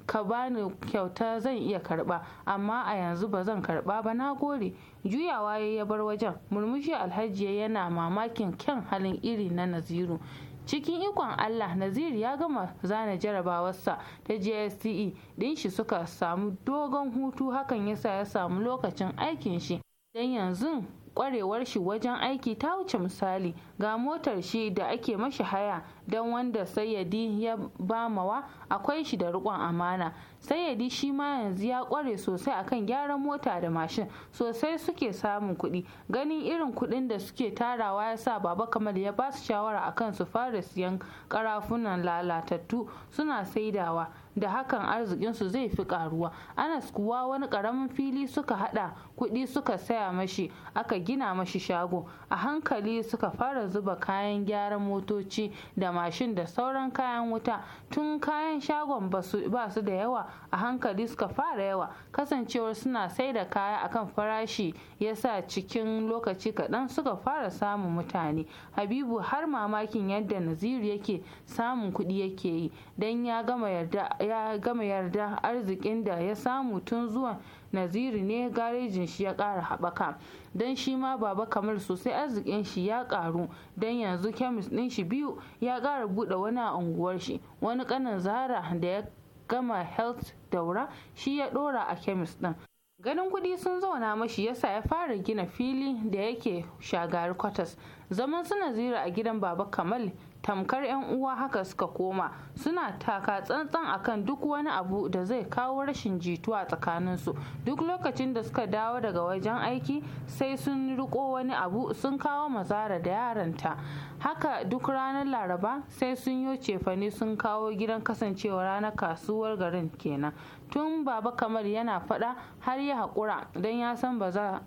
ka bani kyauta zan iya karba amma a yanzu ba zan karba ba na gode juyawa ya bar wajen murmushi alhaji yana mamakin kyan halin iri na naziru cikin ikon allah naziru ya gama zana jarabawarsa ta jse din shi suka samu dogon hutu hakan yasa ya samu lokacin aikin shi don yanzu kwarewar shi wajen aiki ta wuce misali ga motar shi da ake mashi haya don wanda sayyadi ya bamawa akwai shi da riƙon amana sayyadi shi ma yanzu ya kware sosai akan gyaran mota da mashin sosai suke samun kuɗi ganin irin kuɗin da suke tarawa ya sa baba kamal ya ba su shawara akan su fara siyan karafunan lalatattu suna saidawa da hakan arzikinsu zai fi karuwa anas kuwa wani karamin fili suka hada kuɗi suka saya mashi aka gina mashi shago a hankali suka fara zuba kayan gyaran motoci da mashin da sauran kayan wuta tun kayan shagon ba su da yawa a hankali suka fara yawa kasancewar suna sai da kaya akan farashi ya sa cikin lokaci kaɗan suka fara samun mutane habibu har mamakin yadda naziru yake samun kuɗi yake yi don ya gama yarda arzikin da ya samu tun zuwan naziri ne garejin shi ya ƙara haɓaka don shi ma baba kamar sosai arzikin shi ya ƙaru don yanzu kemis ɗin shi biyu ya ƙara buɗe wani a unguwar shi wani ƙanin zara da ya gama health daura shi ya ɗora a kemis ɗin ganin kuɗi sun zauna mashi yasa ya fara gina fili da yake shagari kwatas zaman su nazira a gidan baba kamal tamkar 'yan uwa haka suka koma suna taka tsantsan akan duk wani abu da zai kawo rashin jituwa tsakaninsu duk lokacin da suka dawo daga wajen aiki sai sun riko wani abu sun kawo mazara da yaranta haka duk ranar laraba sai sun yi cefane sun kawo gidan kasancewa ranar kasuwar garin kenan tun baba kamar yana faɗa har ya haƙura don ya san ba za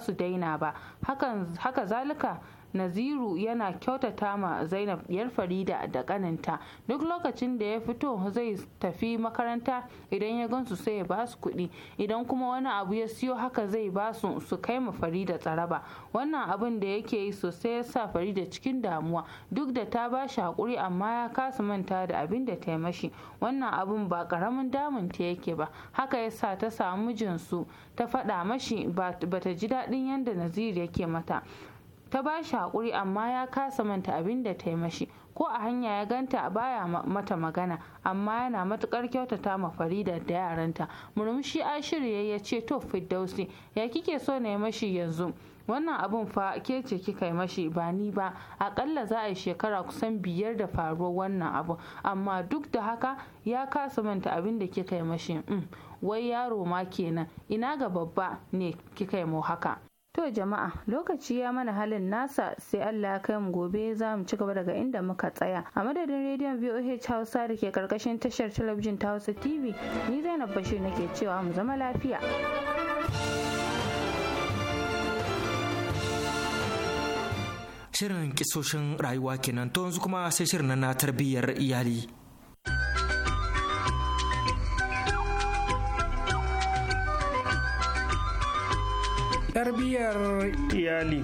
su daina ba haka zalika naziru yana kyautata ma zainab yar farida da kaninta duk lokacin da ya fito zai tafi makaranta idan ya gansu sai ya basu kuɗi idan kuma wani abu ya siyo haka zai basu su kai ma farida tsaraba wannan abin da yake yi sosai ya sa farida cikin damuwa duk da ta ba shi haƙuri amma ya kasa manta da abin da ta yi mashi wannan abin ba ƙaramin damun ta yake ba haka ya sa ta samu mijinsu ta faɗa mashi ba ta ji daɗin yadda Naziru yake mata ta ba shi haƙuri amma ya kasa manta abin da ta yi mashi ko a hanya ya ganta baya mata magana amma yana matukar kyautata ma farida da yaranta murmushi shirye ya ce to fiddausi ya kike so na yi mashi yanzu wannan abun fa ke ce kika yi mashi ba ni ba akalla za a yi shekara kusan biyar da faruwar wannan abu amma duk da haka ya kasa manta abin da kika yi mashi mm, wai yaro ma kenan ina ga babba ne kika yi mu haka To jama'a lokaci ya mana halin nasa sai Allah ya kai mu gobe za mu ci gaba daga inda muka tsaya. A madadin rediyon VOH Hausa da ke karkashin tashar talabijin ta Hausa TV ni Zainab Bashir nake cewa mu zama lafiya. Shirin kisoshin rayuwa kenan to yanzu kuma sai shirin na tarbiyyar iyali. tarbiyyar iyali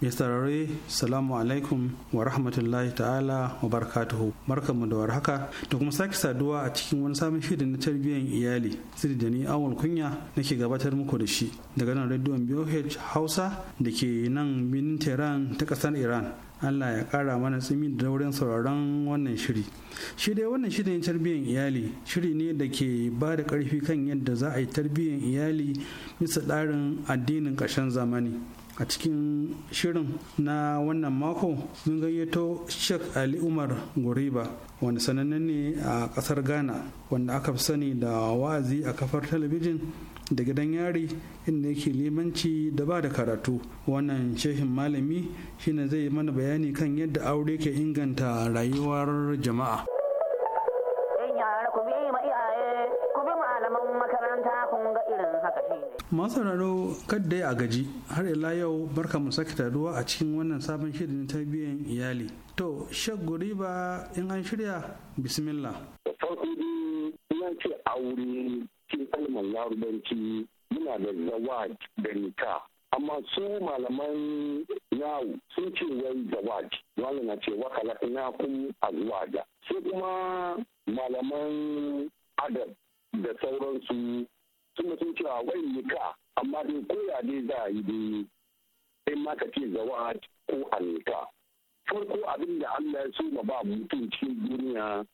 Mr. sarare salamu alaikum wa rahmatullahi ta'ala wa barakatuhu mu da haka da kuma sake saduwa a cikin wani samun shirin na tarbiyyar iyali sirri da ni awon kunya nake gabatar muku da shi daga nan rediyon BOH Hausa da ke nan birnin Tehran ta kasar Iran allah ya kara mana tsimi da daurin sauraron wannan shiri shi dai wannan shirin tarbiyyar iyali shiri ne da ke ba da karfi kan yadda za a yi tarbiyyar iyali bisa tsarin addinin ƙarshen zamani a cikin shirin na wannan mako sun gayyato sheikh ali umar goriba wanda sananne ne a ƙasar ghana wanda aka fi sani da wa'azi a kafar talabijin da gidan yari inda yake limanci da ba da karatu wannan shehin malami shine zai mana bayani kan yadda aure ke inganta rayuwar jama'a masararo kadda ya gaji har ila yau barka mu sake taruwa a cikin wannan sabon shirin ta biyan iyali to shaguri ba in an shirya bismillah larubanci muna da zawaj da nika amma su malaman yawo sun ce wai zawaj wani na ce wakala ina kun azwaja su kuma malaman adam da sauransu sun sun ce wai nika amma dai koya ne za a yi dai sai ma ka ce zawaj ko alika farko abin da Allah ya so ma ba mutum cikin duniya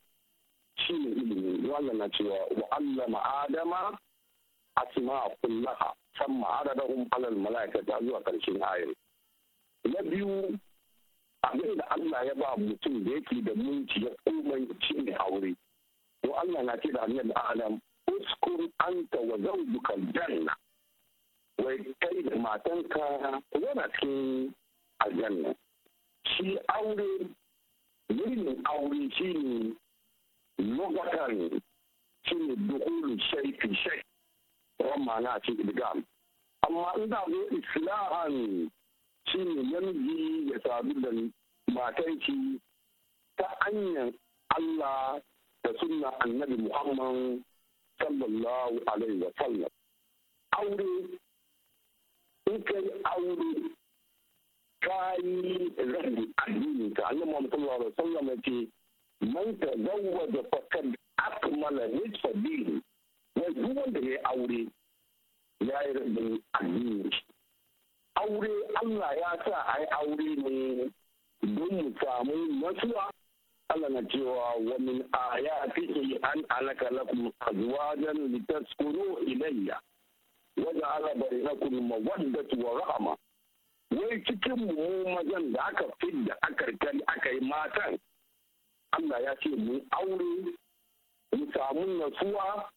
shi ne ilimi wannan na cewa wa Allah ma adama asma kullaha san ma'adadahum alal mala'ikata zuwa karshen ayar na biyu abin da Allah ya ba mutum da yake da mulki ya komai shi ne aure to Allah na ce da annabi Adam uskun anta wa zawjuka janna wai kai da matanka ku zauna cikin aljanna shi aure yin aure shi ne lokacin shi ne dukkan shai shai tsawon ma'ana a cikin idgam amma in za zo islahan shi ne namiji ya sadu da matanki ta hanyar Allah da sunna annabi Muhammad sallallahu alaihi wa sallam aure in ka aure ka yi rabbi addini ka annabi Muhammad sallallahu alaihi wa sallam ya ce man tazawwaja faqad akmala nisfa dini duk wanda ya aure ya yi rabin addini aure Allah ya sa a yi aure ne don mu samu nasuwa. Allah na cewa Wani min ayatihi an alaka lakum azwajan litaskunu ilayya wa ja'ala bainakum mawaddatu wa rahma wai cikin mu mazan da aka fidda aka kai aka yi matan Allah ya ce mu aure mu samu nasuwa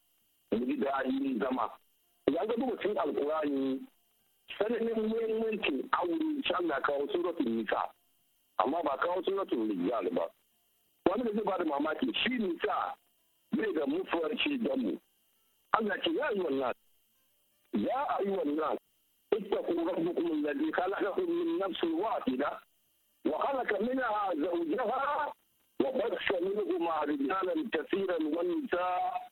ji daɗi zama. Idan ka duba cikin alkurani sanannen muhimmancin aure insha Allah kawo suratul nisa amma ba kawo suratul rijal ba. Wani da ba da mamaki shi nisa bai da mutuwar shi da mu. Allah ce ya yi wannan. Ya yi wannan. Ita kuma rabbukum alladhi khalaqakum min nafsin wahida wa khalaqa minha zawjaha wa bassa minhuma rijalan kathiran wa nisaa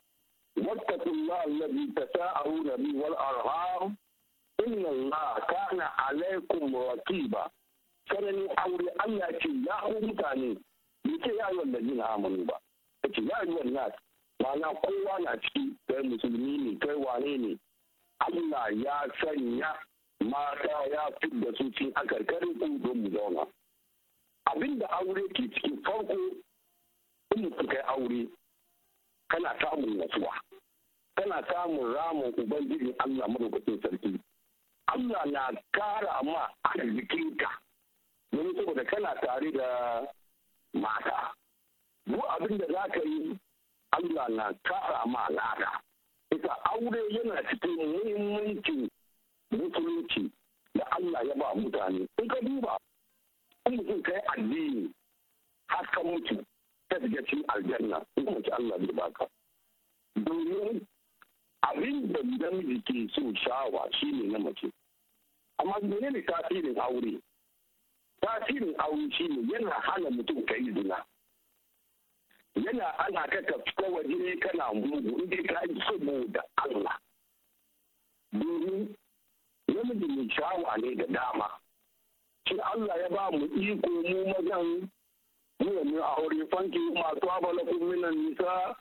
واتقوا الله الذي تساءلون به والأرحام إن الله كان عليكم رقيبا sanani aure Allah ce ya ku mutane bai ce ya yi wannan amanu ba ta ce ya yi wannan ma'ana kowa na ciki kai musulmi ne kai wane ne Allah ya sanya mata ya fi da su cikin akarkarin ku don mu zauna abinda aure ke cikin farko in mutum kai aure kana samun nasuwa kana samun ramin ubangijin Allah madaukakin sarki Allah na kara ma arzikinka domin saboda kana tare da mata duk abin da za ka yi Allah na kara ma lada ita aure yana cikin muhimmanci musulunci da Allah ya ba mutane in ka duba in mutum kai addini haska ka mutu ta shiga cikin aljanna in kuma ci Allah bai baka domin abin da namiji ke so shawa shi ne na mace amma mene ne tasirin aure tasirin aure shi ne yana hana mutum ka yi zina yana ana ka ka waje ne kana mugu in ka yi saboda Allah domin namiji mai shawa ne da dama shi Allah ya ba mu iko mu mazan mu aure fanki masu abalakun minan nisa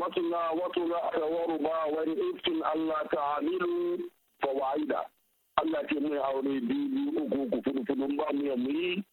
مثنى وثلاث ورباع وإن الله تعامل فواعدا Allah ke mai aure biyu uku uku fudufudun ba mu yamu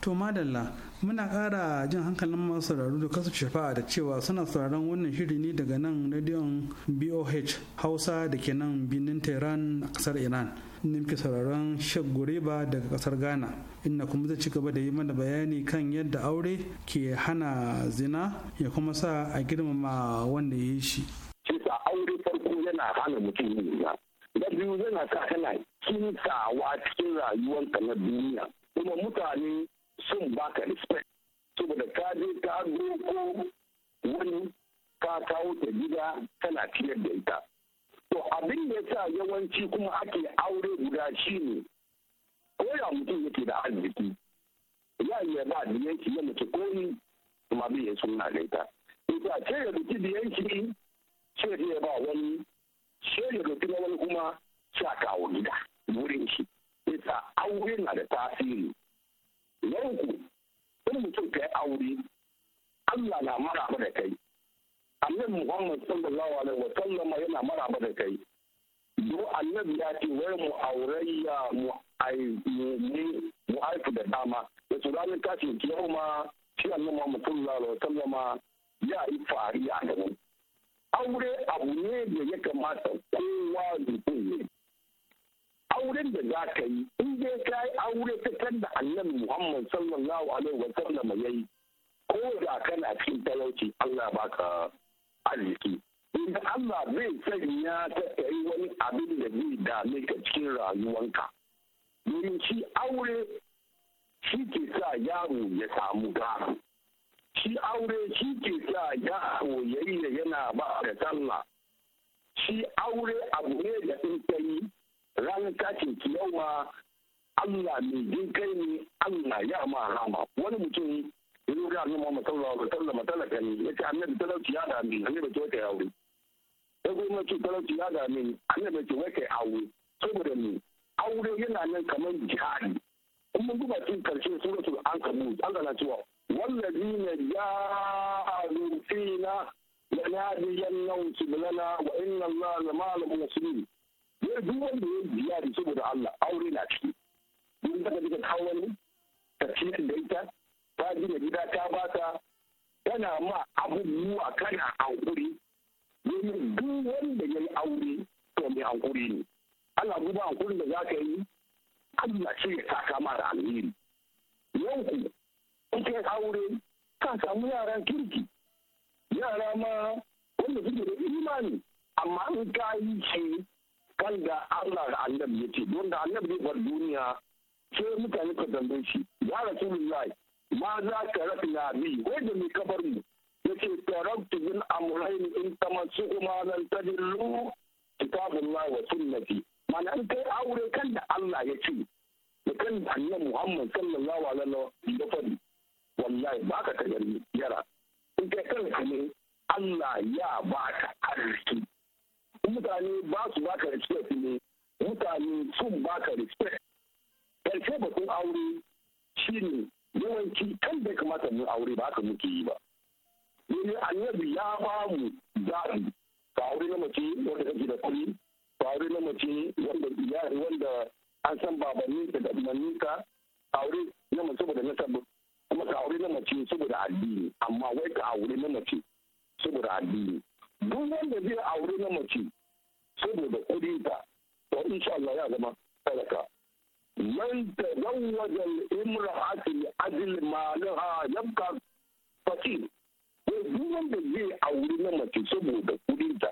To madalla muna ƙara jin hankalin masu sauraro da kasu shafa'a da cewa suna sauraron wannan shiri ne daga nan rediyon BOH Hausa da ke nan birnin Tehran a ƙasar Iran. inda muke sauraron Sheikh daga kasar Ghana inda kuma zai ci gaba da yi mana bayani kan yadda aure ke hana zina ya kuma sa a girmama wanda ya yi shi. Kisa aure farko yana hana mutum yin zina. Na biyu yana sa kana kintawa cikin ka na duniya. Kuma mutane sun baka respect. Saboda ka je ka doko wani ka kawo ta gida kana ciyar da ita. to abin da ya sa yawanci kuma ake aure guda shi ne koya mutum yake da arziki ya iya ba yanki ya mutu koyi kuma bai ya suna da ita ita ce ya duki yanki sai ya ba wani ya duki na wani kuma sai kawo gida wurin shi ita aure na da tasiri na uku in mutum ka yi aure na maraba da kai annabi muhammad sallallahu alaihi wa sallam yana maraba da kai do annabi ya ce wai mu aurayya mu ai mu aiki da dama da su ranar tashin ma shi annabi muhammad sallallahu alaihi wa sallam ya yi fari a gaban aure abu ne da ya kamata kowa da ne auren da za ka yi in dai ka yi aure ta kan da annabi muhammad sallallahu alaihi wa sallam ya yi ko da kana cikin talauci allah baka arziki inda Allah zai sanya ta yi wani abin da zai dame ka cikin rayuwanka domin shi aure shi ke sa yaro ya samu gara shi aure shi ke sa yaro da yana ba da sallah shi aure abu ne da in ta yi ce tashin kiyawa Allah mai jin kai ne Allah ya ma rama wani mutum in ga annabi Muhammad sallallahu alaihi wasallam talaka ne yace annabi talauci ya da ni annabi ce kai aure sai kuma ce talauci ya da ni annabi ce wai kai aure saboda ni aure yana nan kamar jihadi in mun duba cikin karshen suratul ankabut Allah na cewa wallazina ja'alu fina lanadiyannahum sublana wa inna Allah lamalul muslimin ne duk wanda ya jihadi saboda Allah aure na ciki duk da kake kawo wani ka da ita ta da gida ta bata tana ma abubuwa kana hankuri domin duk wanda ya yi aure to mai hankuri ne Allah ba hankuri da za ka yi Allah ce ya saka ma da alheri yau ku in aure ka samu yaran kirki yara ma wanda suke da imani amma an ka yi ce kan da Allah da annabi ya don da annabi zai bar duniya sai mutane ka tambaye shi ya rasulullahi ma za ka rafi na bi wai da mai kabar mu yake taraktu bin amrayn in tamassu kuma lan tadillu kitabullah wa sunnati mana an kai aure kan da Allah ya ce da kan da annabi Muhammad sallallahu alaihi wa sallam ya wallahi ba ka ta yara in kai ka ne Allah ya ba ka arziki mutane ba su ba ka respect ne mutane sun ba ka respect karshe batun aure shine yawanci kan da kamata mu aure ba haka muke yi ba domin annabi ya ba mu zaɓi ba aure na mace wanda kake da kuɗi ba aure na mace wanda iyali wanda an san babannin da manninka aure na mace saboda na sabu kuma ka aure na mace saboda addini amma wai ka aure na mace saboda addini duk wanda zai aure na mace saboda kuɗinta to insha Allah ya zama talaka من تزوج الامرأة لأجل مالها يبقى فقير duk wanda zai auri na mace saboda kudinta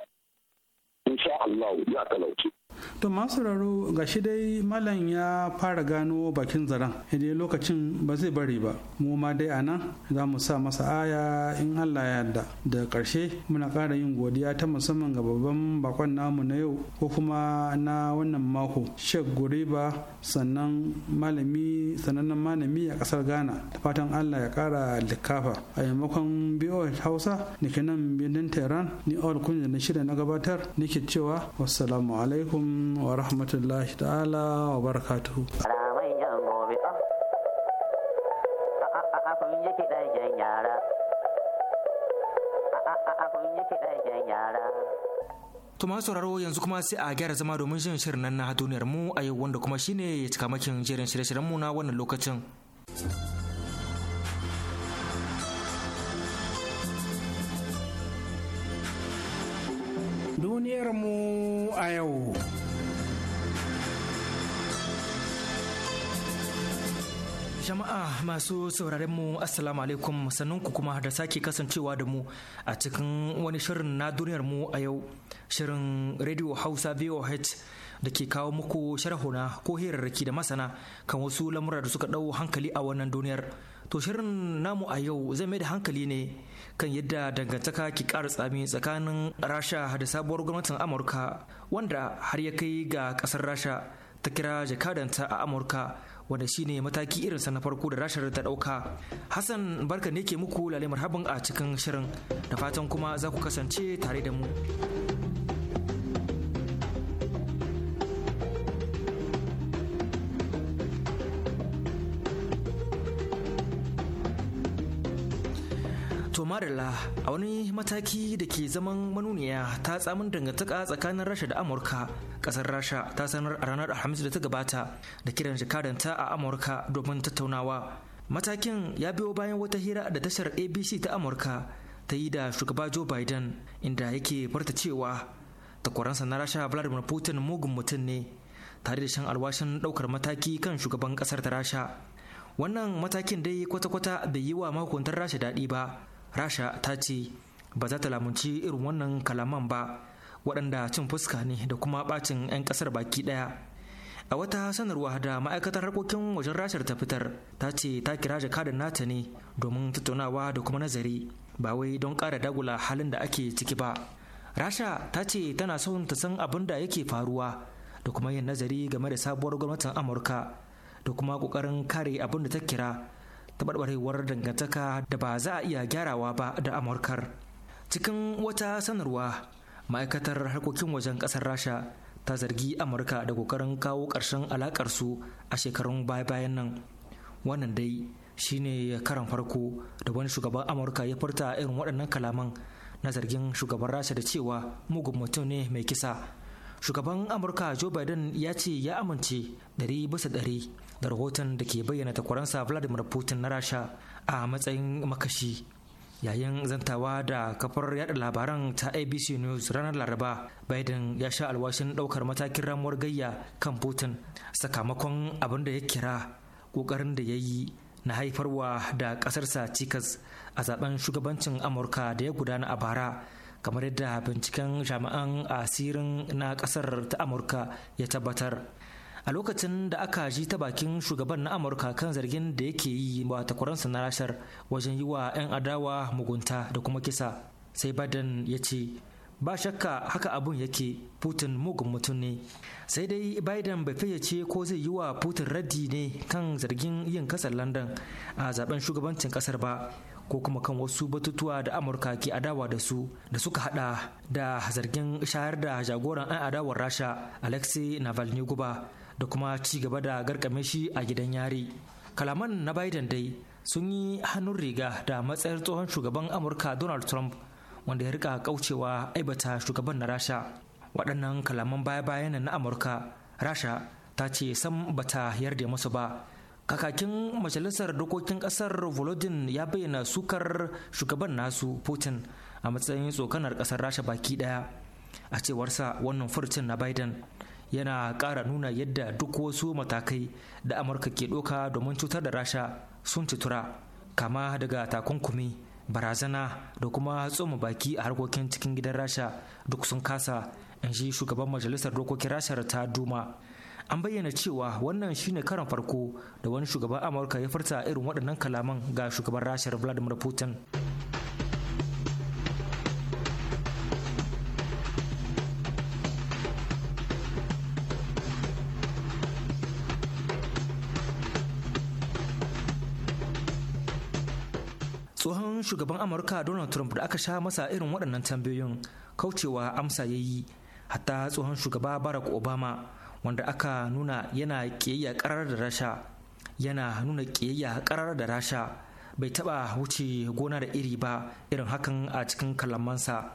insha Allah ya talauce to masu raro ga shi dai malam ya fara gano bakin zaren idan lokacin ba zai bari ba mu ma dai anan za mu sa masa aya in allah ya yarda da ƙarshe muna ƙara yin godiya ta musamman ga babban bakon namu na yau ko kuma na wannan mako shek guriba sannan malami sanannen malami a ƙasar ghana da fatan allah ya ƙara likafa a yammakon biyo hausa da nan birnin tehran ni all kunja na shirya na gabatar nake cewa wassalamu alaikum wa rahmatullahi ta'ala wa barakatuhu To masu sauraro yanzu kuma sai a gyara zama domin shirin shirin nan na duniyar mu a yau wanda kuma shine ya cika makin jerin shirye-shiryen mu na wannan lokacin. duniyarmu a yau. Jama'a masu sauraren mu Assalamu alaikum sannunku kuma da sake kasancewa da mu a cikin wani shirin na duniyar mu a yau shirin Radio Hausa VOH da ke kawo muku sharhuna ko hirarraki da masana kan wasu lamura da suka ɗau hankali a wannan duniyar. To shirin namu a yau zai mai da hankali ne kan yadda dangantaka ke ƙara tsami tsakanin rasha da sabuwar gwamnatin amurka wanda har ya kai ga ƙasar rasha ta kira jakadanta a amurka wanda shine mataki irinsa na farko da rashar ta ɗauka, hassan barka ne ke muku lalimar habin a cikin shirin da fatan kuma za ku kasance tare da mu Marila a wani mataki da ke zaman manuniya ta tsamin dangantaka tsakanin Rasha da Amurka. ƙasar Rasha ta sanar a ranar Alhamis da ta gabata da kiran jakadanta a Amurka domin tattaunawa. Matakin ya biyo bayan wata hira da tashar ABC ta Amurka ta yi da shugaba Joe Biden inda yake farta cewa takwaransa na Rasha Vladimir Putin mugun mutum ne tare da shan alwashin ɗaukar mataki kan shugaban ƙasar ta Rasha. Wannan matakin dai kwata-kwata bai yi wa mahukuntar Rasha daɗi ba rasha ta ce ba za ta lamunci irin wannan kalaman ba waɗanda cin fuska ne da kuma ɓacin 'yan ƙasar baki ɗaya a wata sanarwa da ma'aikatar harkokin wajen rashar ta fitar ta ce ta kira jakadar nata ne domin tattaunawa da kuma nazari ba wai don ƙara dagula halin da ake ciki ba rasha ta ce tana son ta san abin da yake faruwa da kuma yin nazari game da sabuwar gwamnatin amurka da kuma ƙoƙarin kare abin da ta kira taɓarɓarewar dangantaka da ba za a iya gyarawa ba da amurkar cikin wata sanarwa ma'aikatar harkokin wajen ƙasar rasha ta zargi amurka da kokarin kawo ƙarshen alaƙarsu a shekarun baya-bayan nan wannan dai shine karan farko da wani shugaban amurka ya furta irin waɗannan kalaman na zargin shugaban rasha da cewa mugun mutum ne mai kisa shugaban amurka joe biden ya ce ya amince ɗari bisa ɗari da rahoton da ke bayyana takwaransa vladimir putin na rasha a matsayin makashi yayin zantawa da kafar yada labaran ta abc news ranar laraba biden ya sha alwashin daukar matakin ramuwar gayya kan putin sakamakon abin da ya kira kokarin da ya yi na haifarwa da kasarsa cikas a zaben shugabancin amurka da ya gudana a bara kamar yadda binciken jami'an asirin na kasar ta amurka ya tabbatar a lokacin da aka ji ta bakin shugaban na amurka kan zargin da yake yi wa takwaransa na rashar wajen yi wa 'yan adawa mugunta da kuma kisa sai Biden ya ce ba shakka haka abun yake putin mugun mutum ne sai dai biden bai fayyace ko zai yi wa putin raddi ne kan zargin yin kasar london a zaben shugabancin kasar ba ko kuma kan wasu batutuwa da amurka ke adawa da su da suka hada da zargin shayar da jagoran 'yan adawar rasha alexei navalny guba da kuma ci gaba da garkame shi a gidan yari kalaman na biden dai sun yi hannun riga da matsayar tsohon shugaban amurka donald trump wanda ya rika kaucewa aibata shugaban na rasha waɗannan kalaman baya-bayan na amurka rasha ta ce sam bata yarda musu ba kakakin majalisar dokokin Ƙasar volodin ya bayyana sukar shugaban nasu putin a matsayin tsokanar ƙasar rasha baki ɗaya, a cewarsa wannan furcin na biden yana ƙara nuna yadda duk wasu matakai da amurka ke ɗoka domin cutar da rasha sun citura kama daga takunkumi barazana da kuma tsoma baki a harkokin cikin gidan rasha duk sun kasa in ji shugaban majalisar dokokin rasha ta duma an bayyana cewa wannan shine karan farko da wani shugaban amurka ya furta irin waɗannan kalaman ga shugaban rashar vladimir putin shugaban amurka donald trump da aka sha masa irin waɗannan tambayoyin kaucewa amsa ya yi hatta tsohon shugaba barack obama wanda aka nuna yana ƙiyayya ƙarar da rasha yana nuna ƙiyayya ƙarar da rasha bai taɓa wuce gona da iri ba irin hakan a cikin kalamansa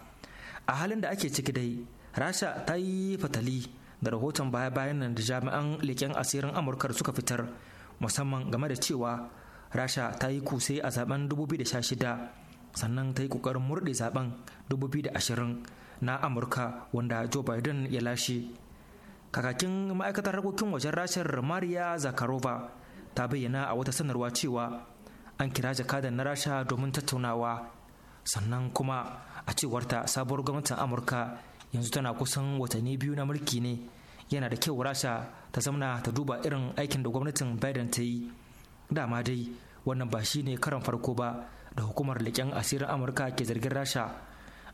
a halin da ake ciki dai rasha ta yi fatali da rahoton baya-bayan nan da jami'an leƙen asirin amurkar suka fitar musamman game da cewa rasha ta yi kuse a zaben 2016 sannan ta yi kokarin murɗe zaben 2020 na amurka wanda joe biden ya lashe kakakin ma'aikatar harkokin wajen rashar maria zakarova ta bayyana a wata sanarwa cewa an kira jakadan na rasha domin tattaunawa sannan kuma a cewarta sabuwar gwamnatin amurka yanzu tana kusan watanni biyu na mulki ne yana da kyau rasha ta zamana ta duba irin aikin da gwamnatin biden ta yi dama dai wannan ba shi ne karan farko ba da hukumar leƙen asirin amurka ke zargin rasha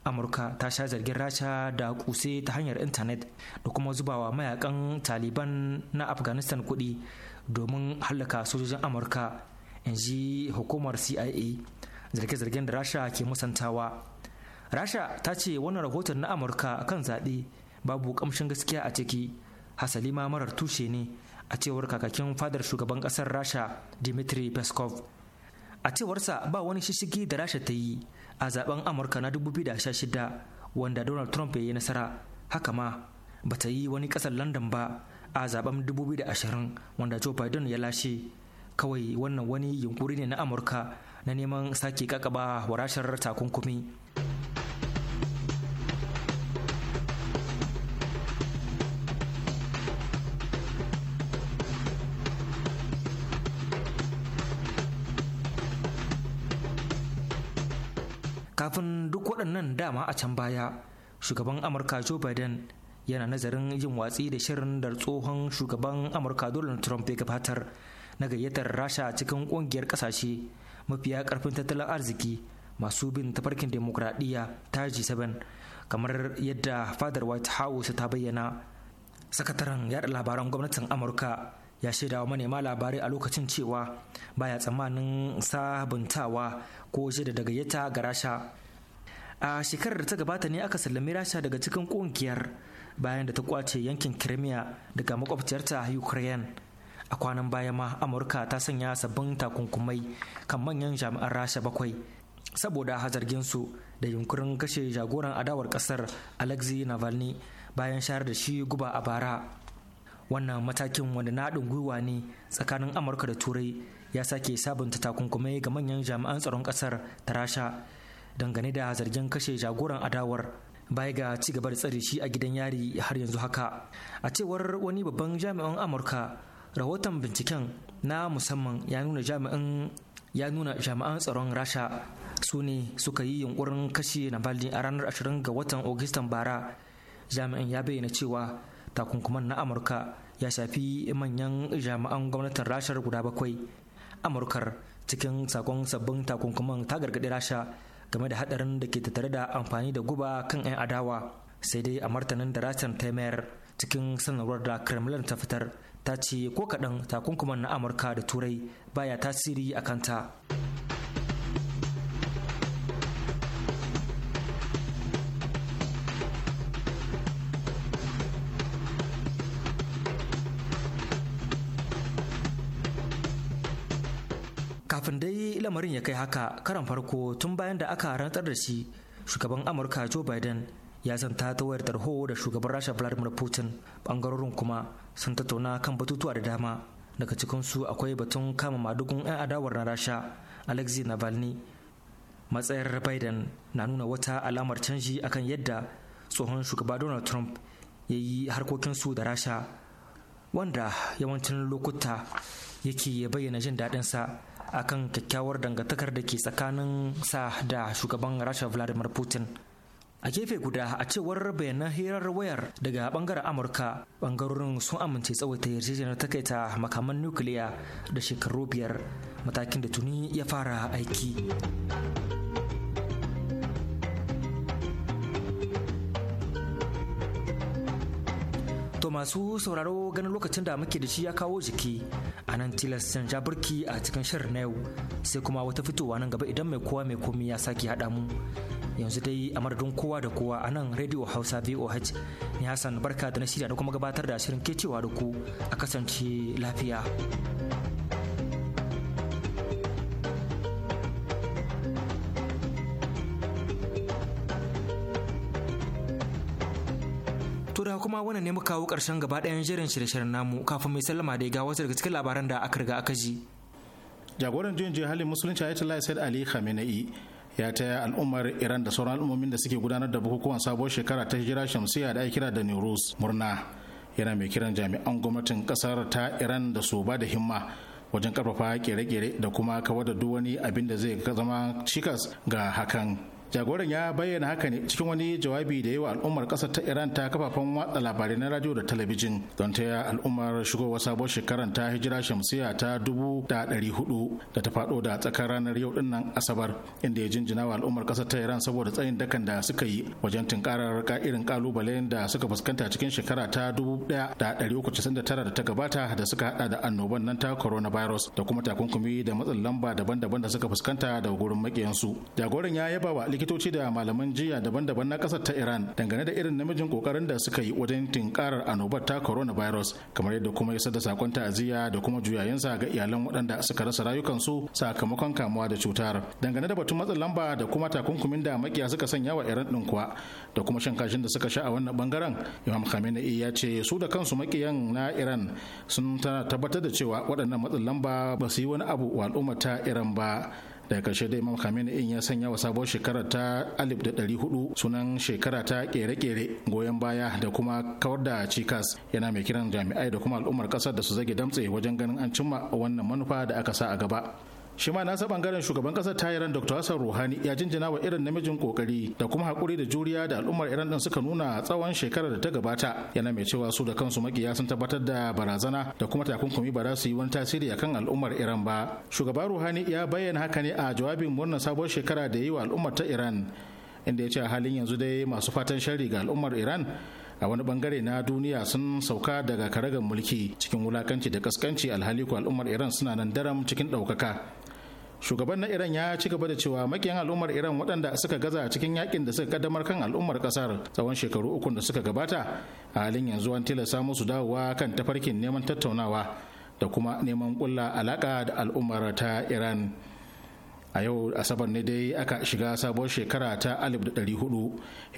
amurka ta sha zargin rasha da kuse ta hanyar intanet da kuma zubawa mayakan taliban na afghanistan kuɗi domin hallaka sojojin amurka in ji hukumar cia zarge-zargen da rasha ke musantawa rasha ta ce wannan rahoton na amurka kan zaɓe babu ƙamshin gaskiya a ciki hasali ma marar tushe ne a cewar kakakin fadar shugaban kasar rasha dmitry peskov a cewarsa ba wani shishigi da rasha ta yi a zaben amurka na 2016 wanda donald trump ya yi nasara haka ma ba ta yi wani kasar london ba a zaben 2020 wanda joe biden ya lashe kawai wannan wani yunkuri ne na amurka na neman sake kakaba wa rashar takunkumi dama a can baya shugaban amurka joe biden yana nazarin yin watsi da shirin da tsohon shugaban amurka donald trump ya gabatar na gayyatar rasha cikin kungiyar kasashe mafiya karfin tattalin arziki masu bin tafarkin demokradiyya ta g7 kamar yadda fadar white house ta bayyana sakataren yada labaran gwamnatin amurka ya shaida wa manema labarai a lokacin cewa baya tsammanin sabuntawa ko shida da gayyata ga rasha a shekarar da ta gabata ne aka sallami rasha daga cikin kungiyar bayan da ta kwace yankin kirimiya daga makwabciyarta ukraine a kwanan baya ma amurka ta sanya sabbin takunkumai kan manyan jami'an rasha bakwai saboda su da yunkurin kashe jagoran adawar kasar alexi navalny bayan shayar da shi guba a bara wannan matakin wanda na haɗin gwiwa ne tsakanin amurka da turai ya sake sabunta takunkumai ga manyan jami'an tsaron kasar ta rasha dangane da zargin kashe jagoran adawar baya ga ci gaba da tsare shi a gidan yari har yanzu haka a cewar wani babban jami'an amurka rahoton binciken na musamman ya nuna jami'an ya nuna jami'an tsaron rasha su ne suka yi yunkurin kashe navalny a ranar 20 ga watan Ogistan bara jami'in ya bayyana cewa takunkuman na amurka ya shafi manyan jami'an gwamnatin rashar guda bakwai amurkar cikin sakon sabbin takunkuman ta gargaɗi rasha game da hadarin da ke tattare da amfani da guba kan 'yan adawa sai dai a martanin da rashin taimayar cikin sanarwar da kremlin ta fitar ta ce ko kaɗan takunkuman na amurka da turai baya tasiri a kanta. lamarin ya kai haka karan farko tun bayan da aka rantsar da shi shugaban amurka joe biden ya zanta ta wayar tarho da shugaban rasha vladimir putin bangarorin kuma sun tattauna kan batutuwa da dama daga cikinsu akwai batun kama madugun 'yan adawar na rasha alexei navalny matsayar biden na nuna wata alamar canji akan yadda tsohon shugaba donald trump ya yi harkokinsu da rasha wanda yawancin lokuta yake bayyana jin daɗinsa akan kyakkyawar dangantakar da ke tsakanin sa da shugaban rasha vladimir putin a gefe guda a cewar bayanan hirar wayar daga bangaren amurka bangarorin sun amince tsawaita yarjejeniyar ta takaita makaman nukiliya da shekaru biyar matakin da tuni ya fara aiki masu sauraro ganin lokacin da muke da shi ya kawo jiki a nan tilas ja birki a cikin shirin na yau sai kuma wata fitowa nan gaba idan mai kowa mai komi ya sake haɗa mu yanzu dai a madadin kowa da kowa a nan radio hausa voh ni hassan barka da na shirya da kuma gabatar da shirin ke cewa da ku a kasance lafiya. kuma wannan ne muka kawo ƙarshen gaba ɗayan jiran shirye-shiryen namu kafin mai sallama da ga wasu daga cikin labaran da aka riga aka ji. Jagoran juyin halin musulunci Ayatollah Said Ali Khamenei ya taya al'ummar Iran da sauran al'ummomin da suke gudanar da bukukuwan sabuwar shekara ta hijira shamsiya da ake kira da Nuruz murna. Yana mai kiran jami'an gwamnatin kasar ta Iran da su ba da himma wajen karfafa kere-kere da kuma kawar da duk wani abin da zai zama cikas ga hakan jagoran ya bayyana haka ne cikin wani jawabi da yawa al'ummar kasar ta iran ta kafafen watsa labarai na radio da talabijin don ta al'ummar shigowa sabon shekarar ta hijira shamsiya ta dubu da ɗari hudu da ta faɗo da tsakar ranar yau din nan asabar inda ya jinjina wa al'ummar kasar ta iran saboda tsayin dakan da suka yi wajen tunkarar irin kalubalen da suka fuskanta cikin shekara ta dubu ɗaya da ɗari uku casa'in da tara da ta gabata da suka haɗa da annoban nan ta coronavirus da kuma takunkumi da matsin lamba daban-daban da suka fuskanta daga gurin maƙiyansu jagoran ya yaba wa likitoci da malaman jiya daban-daban na kasar ta Iran dangane da irin namijin kokarin da suka yi wajen tinkarar annobar ta coronavirus kamar yadda kuma isa da sakon ta'aziyya da kuma juyayensa ga iyalan waɗanda suka rasa rayukansu sakamakon kamuwa da cutar dangane da batun matsin lamba da kuma takunkumin da makiya suka sanya wa Iran din kuwa da kuma shan kashin da suka sha a wannan bangaren Imam Khamenei iya ce su da kansu makiyan na Iran sun tabbatar da cewa waɗannan matsin lamba ba su yi wani abu wa al'ummar ta Iran ba daga ƙarshe da imam in ya sanya wa sabuwar shekarar ta hudu sunan shekara ta kere-kere goyon baya da kuma kawar da cikas yana mai kiran jami'ai da kuma al'ummar ƙasar da su zage damtse wajen ganin an cimma wannan manufa da aka sa a gaba shi ma nasa bangaren shugaban kasar ta iran dr hassan ruhani ya jinjina wa irin namijin kokari da kuma hakuri da juriya da al'ummar iran din suka nuna tsawon shekarar da ta gabata yana mai cewa su da kansu makiya sun tabbatar da barazana da kuma takunkumi ba za su yi wani tasiri akan al'ummar iran ba shugaban ruhani ya bayyana haka ne a jawabin murnar sabuwar shekara da ya yi wa al'ummar ta iran inda ya ce a halin yanzu dai masu fatan shari ga al'ummar iran a wani bangare na duniya sun sauka daga karagar mulki cikin wulakanci da kaskanci alhali ko al'ummar iran suna nan daram cikin ɗaukaka shugaban na iran ya ci gaba da cewa makiyan al'ummar iran waɗanda suka gaza cikin yakin da suka kaddamar kan al'ummar kasar tsawon shekaru uku da suka gabata a halin yanzu an tilasta musu dawowa kan tafarkin neman tattaunawa da kuma neman kulla alaka da al'ummar ta iran a yau asabar ne dai aka shiga sabuwar shekara ta 1400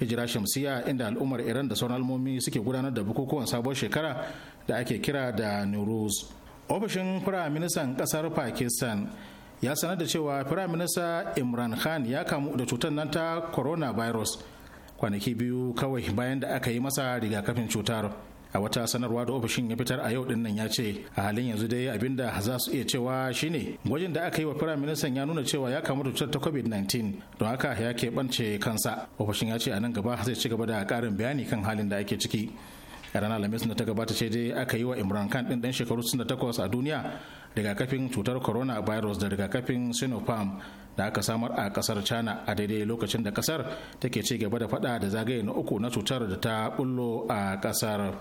hijira shamsiya inda al'ummar iran da sauran al'ummomi suke gudanar da bukukuwan sabuwar shekara da ake kira da nuruz ofishin firaministan kasar pakistan ya sanar da cewa firayim minista imran khan ya kamu da cutar nan ta coronavirus kwanaki biyu kawai bayan da aka yi masa rigakafin cutar a wata sanarwa da ofishin ya fitar a yau din nan ya ce a halin yanzu dai abinda za su iya cewa shi ne. gwajin da aka yi wa firayim ya nuna cewa ya kamu da cutar ta covid-19 don haka ya ke keɓance kansa ofishin ya ce a nan gaba zai ci gaba da ƙarin bayani kan halin da ake ciki a ranar alhamis da ta gabata ce dai aka yi wa imran khan ɗin ɗan shekaru 68 a duniya rigakafin cutar corona virus da rigakafin sinopharm da aka samar a kasar china a daidai lokacin da kasar take ci gaba da fada da zagaye na uku na cutar da ta bullo a kasar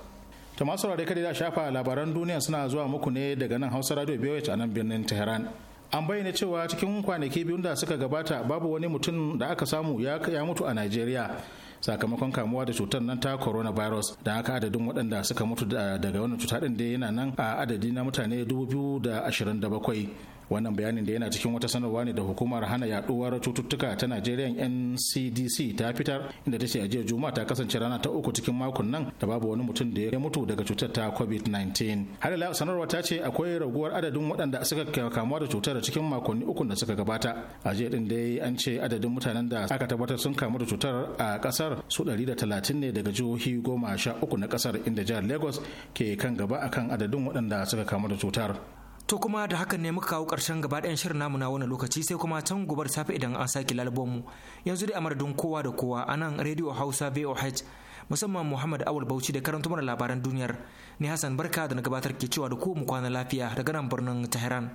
ta masu rarrai kada da shafa labaran duniya suna zuwa muku ne daga nan hausa radio biyu a nan birnin tehran an bayyana cewa cikin kwanaki biyun da suka gabata babu wani mutum da aka samu ya mutu a najeriya sakamakon kamuwa da cutar nan ta coronavirus da haka adadin waɗanda suka mutu eh, daga wannan cuta din da yana nan a adadi na mutane 2027 wannan bayanin da yana cikin wata sanarwa ne da hukumar hana yaduwar cututtuka ta najeriya ncdc ta fitar inda ta ce a jiya juma'a ta kasance rana ta uku cikin makon nan da babu wani mutum da ya mutu daga cutar ta covid-19 har ila sanarwa ta ce akwai raguwar adadin waɗanda suka kamuwa da cutar cikin makonni uku da suka gabata a jiya din dai an ce adadin mutanen da aka tabbatar sun kamu da cutar a kasar su 130 ne daga jihohi goma sha uku na kasar inda jihar lagos ke kan gaba akan adadin waɗanda suka kamu da cutar To kuma da hakan ne muka kawo ƙarshen gaba ɗayan shirin namu na wani lokaci sai kuma can gobar safe idan an sake lalabon mu. Yanzu dai amardin kowa da kowa a nan Rediyo Hausa VOH musamman Muhammad Awul Bauchi da mana labaran duniyar. Ni Hassan Barka da na gabatar ke cewa da ku mu kwana lafiya daga nan birnin Tehran.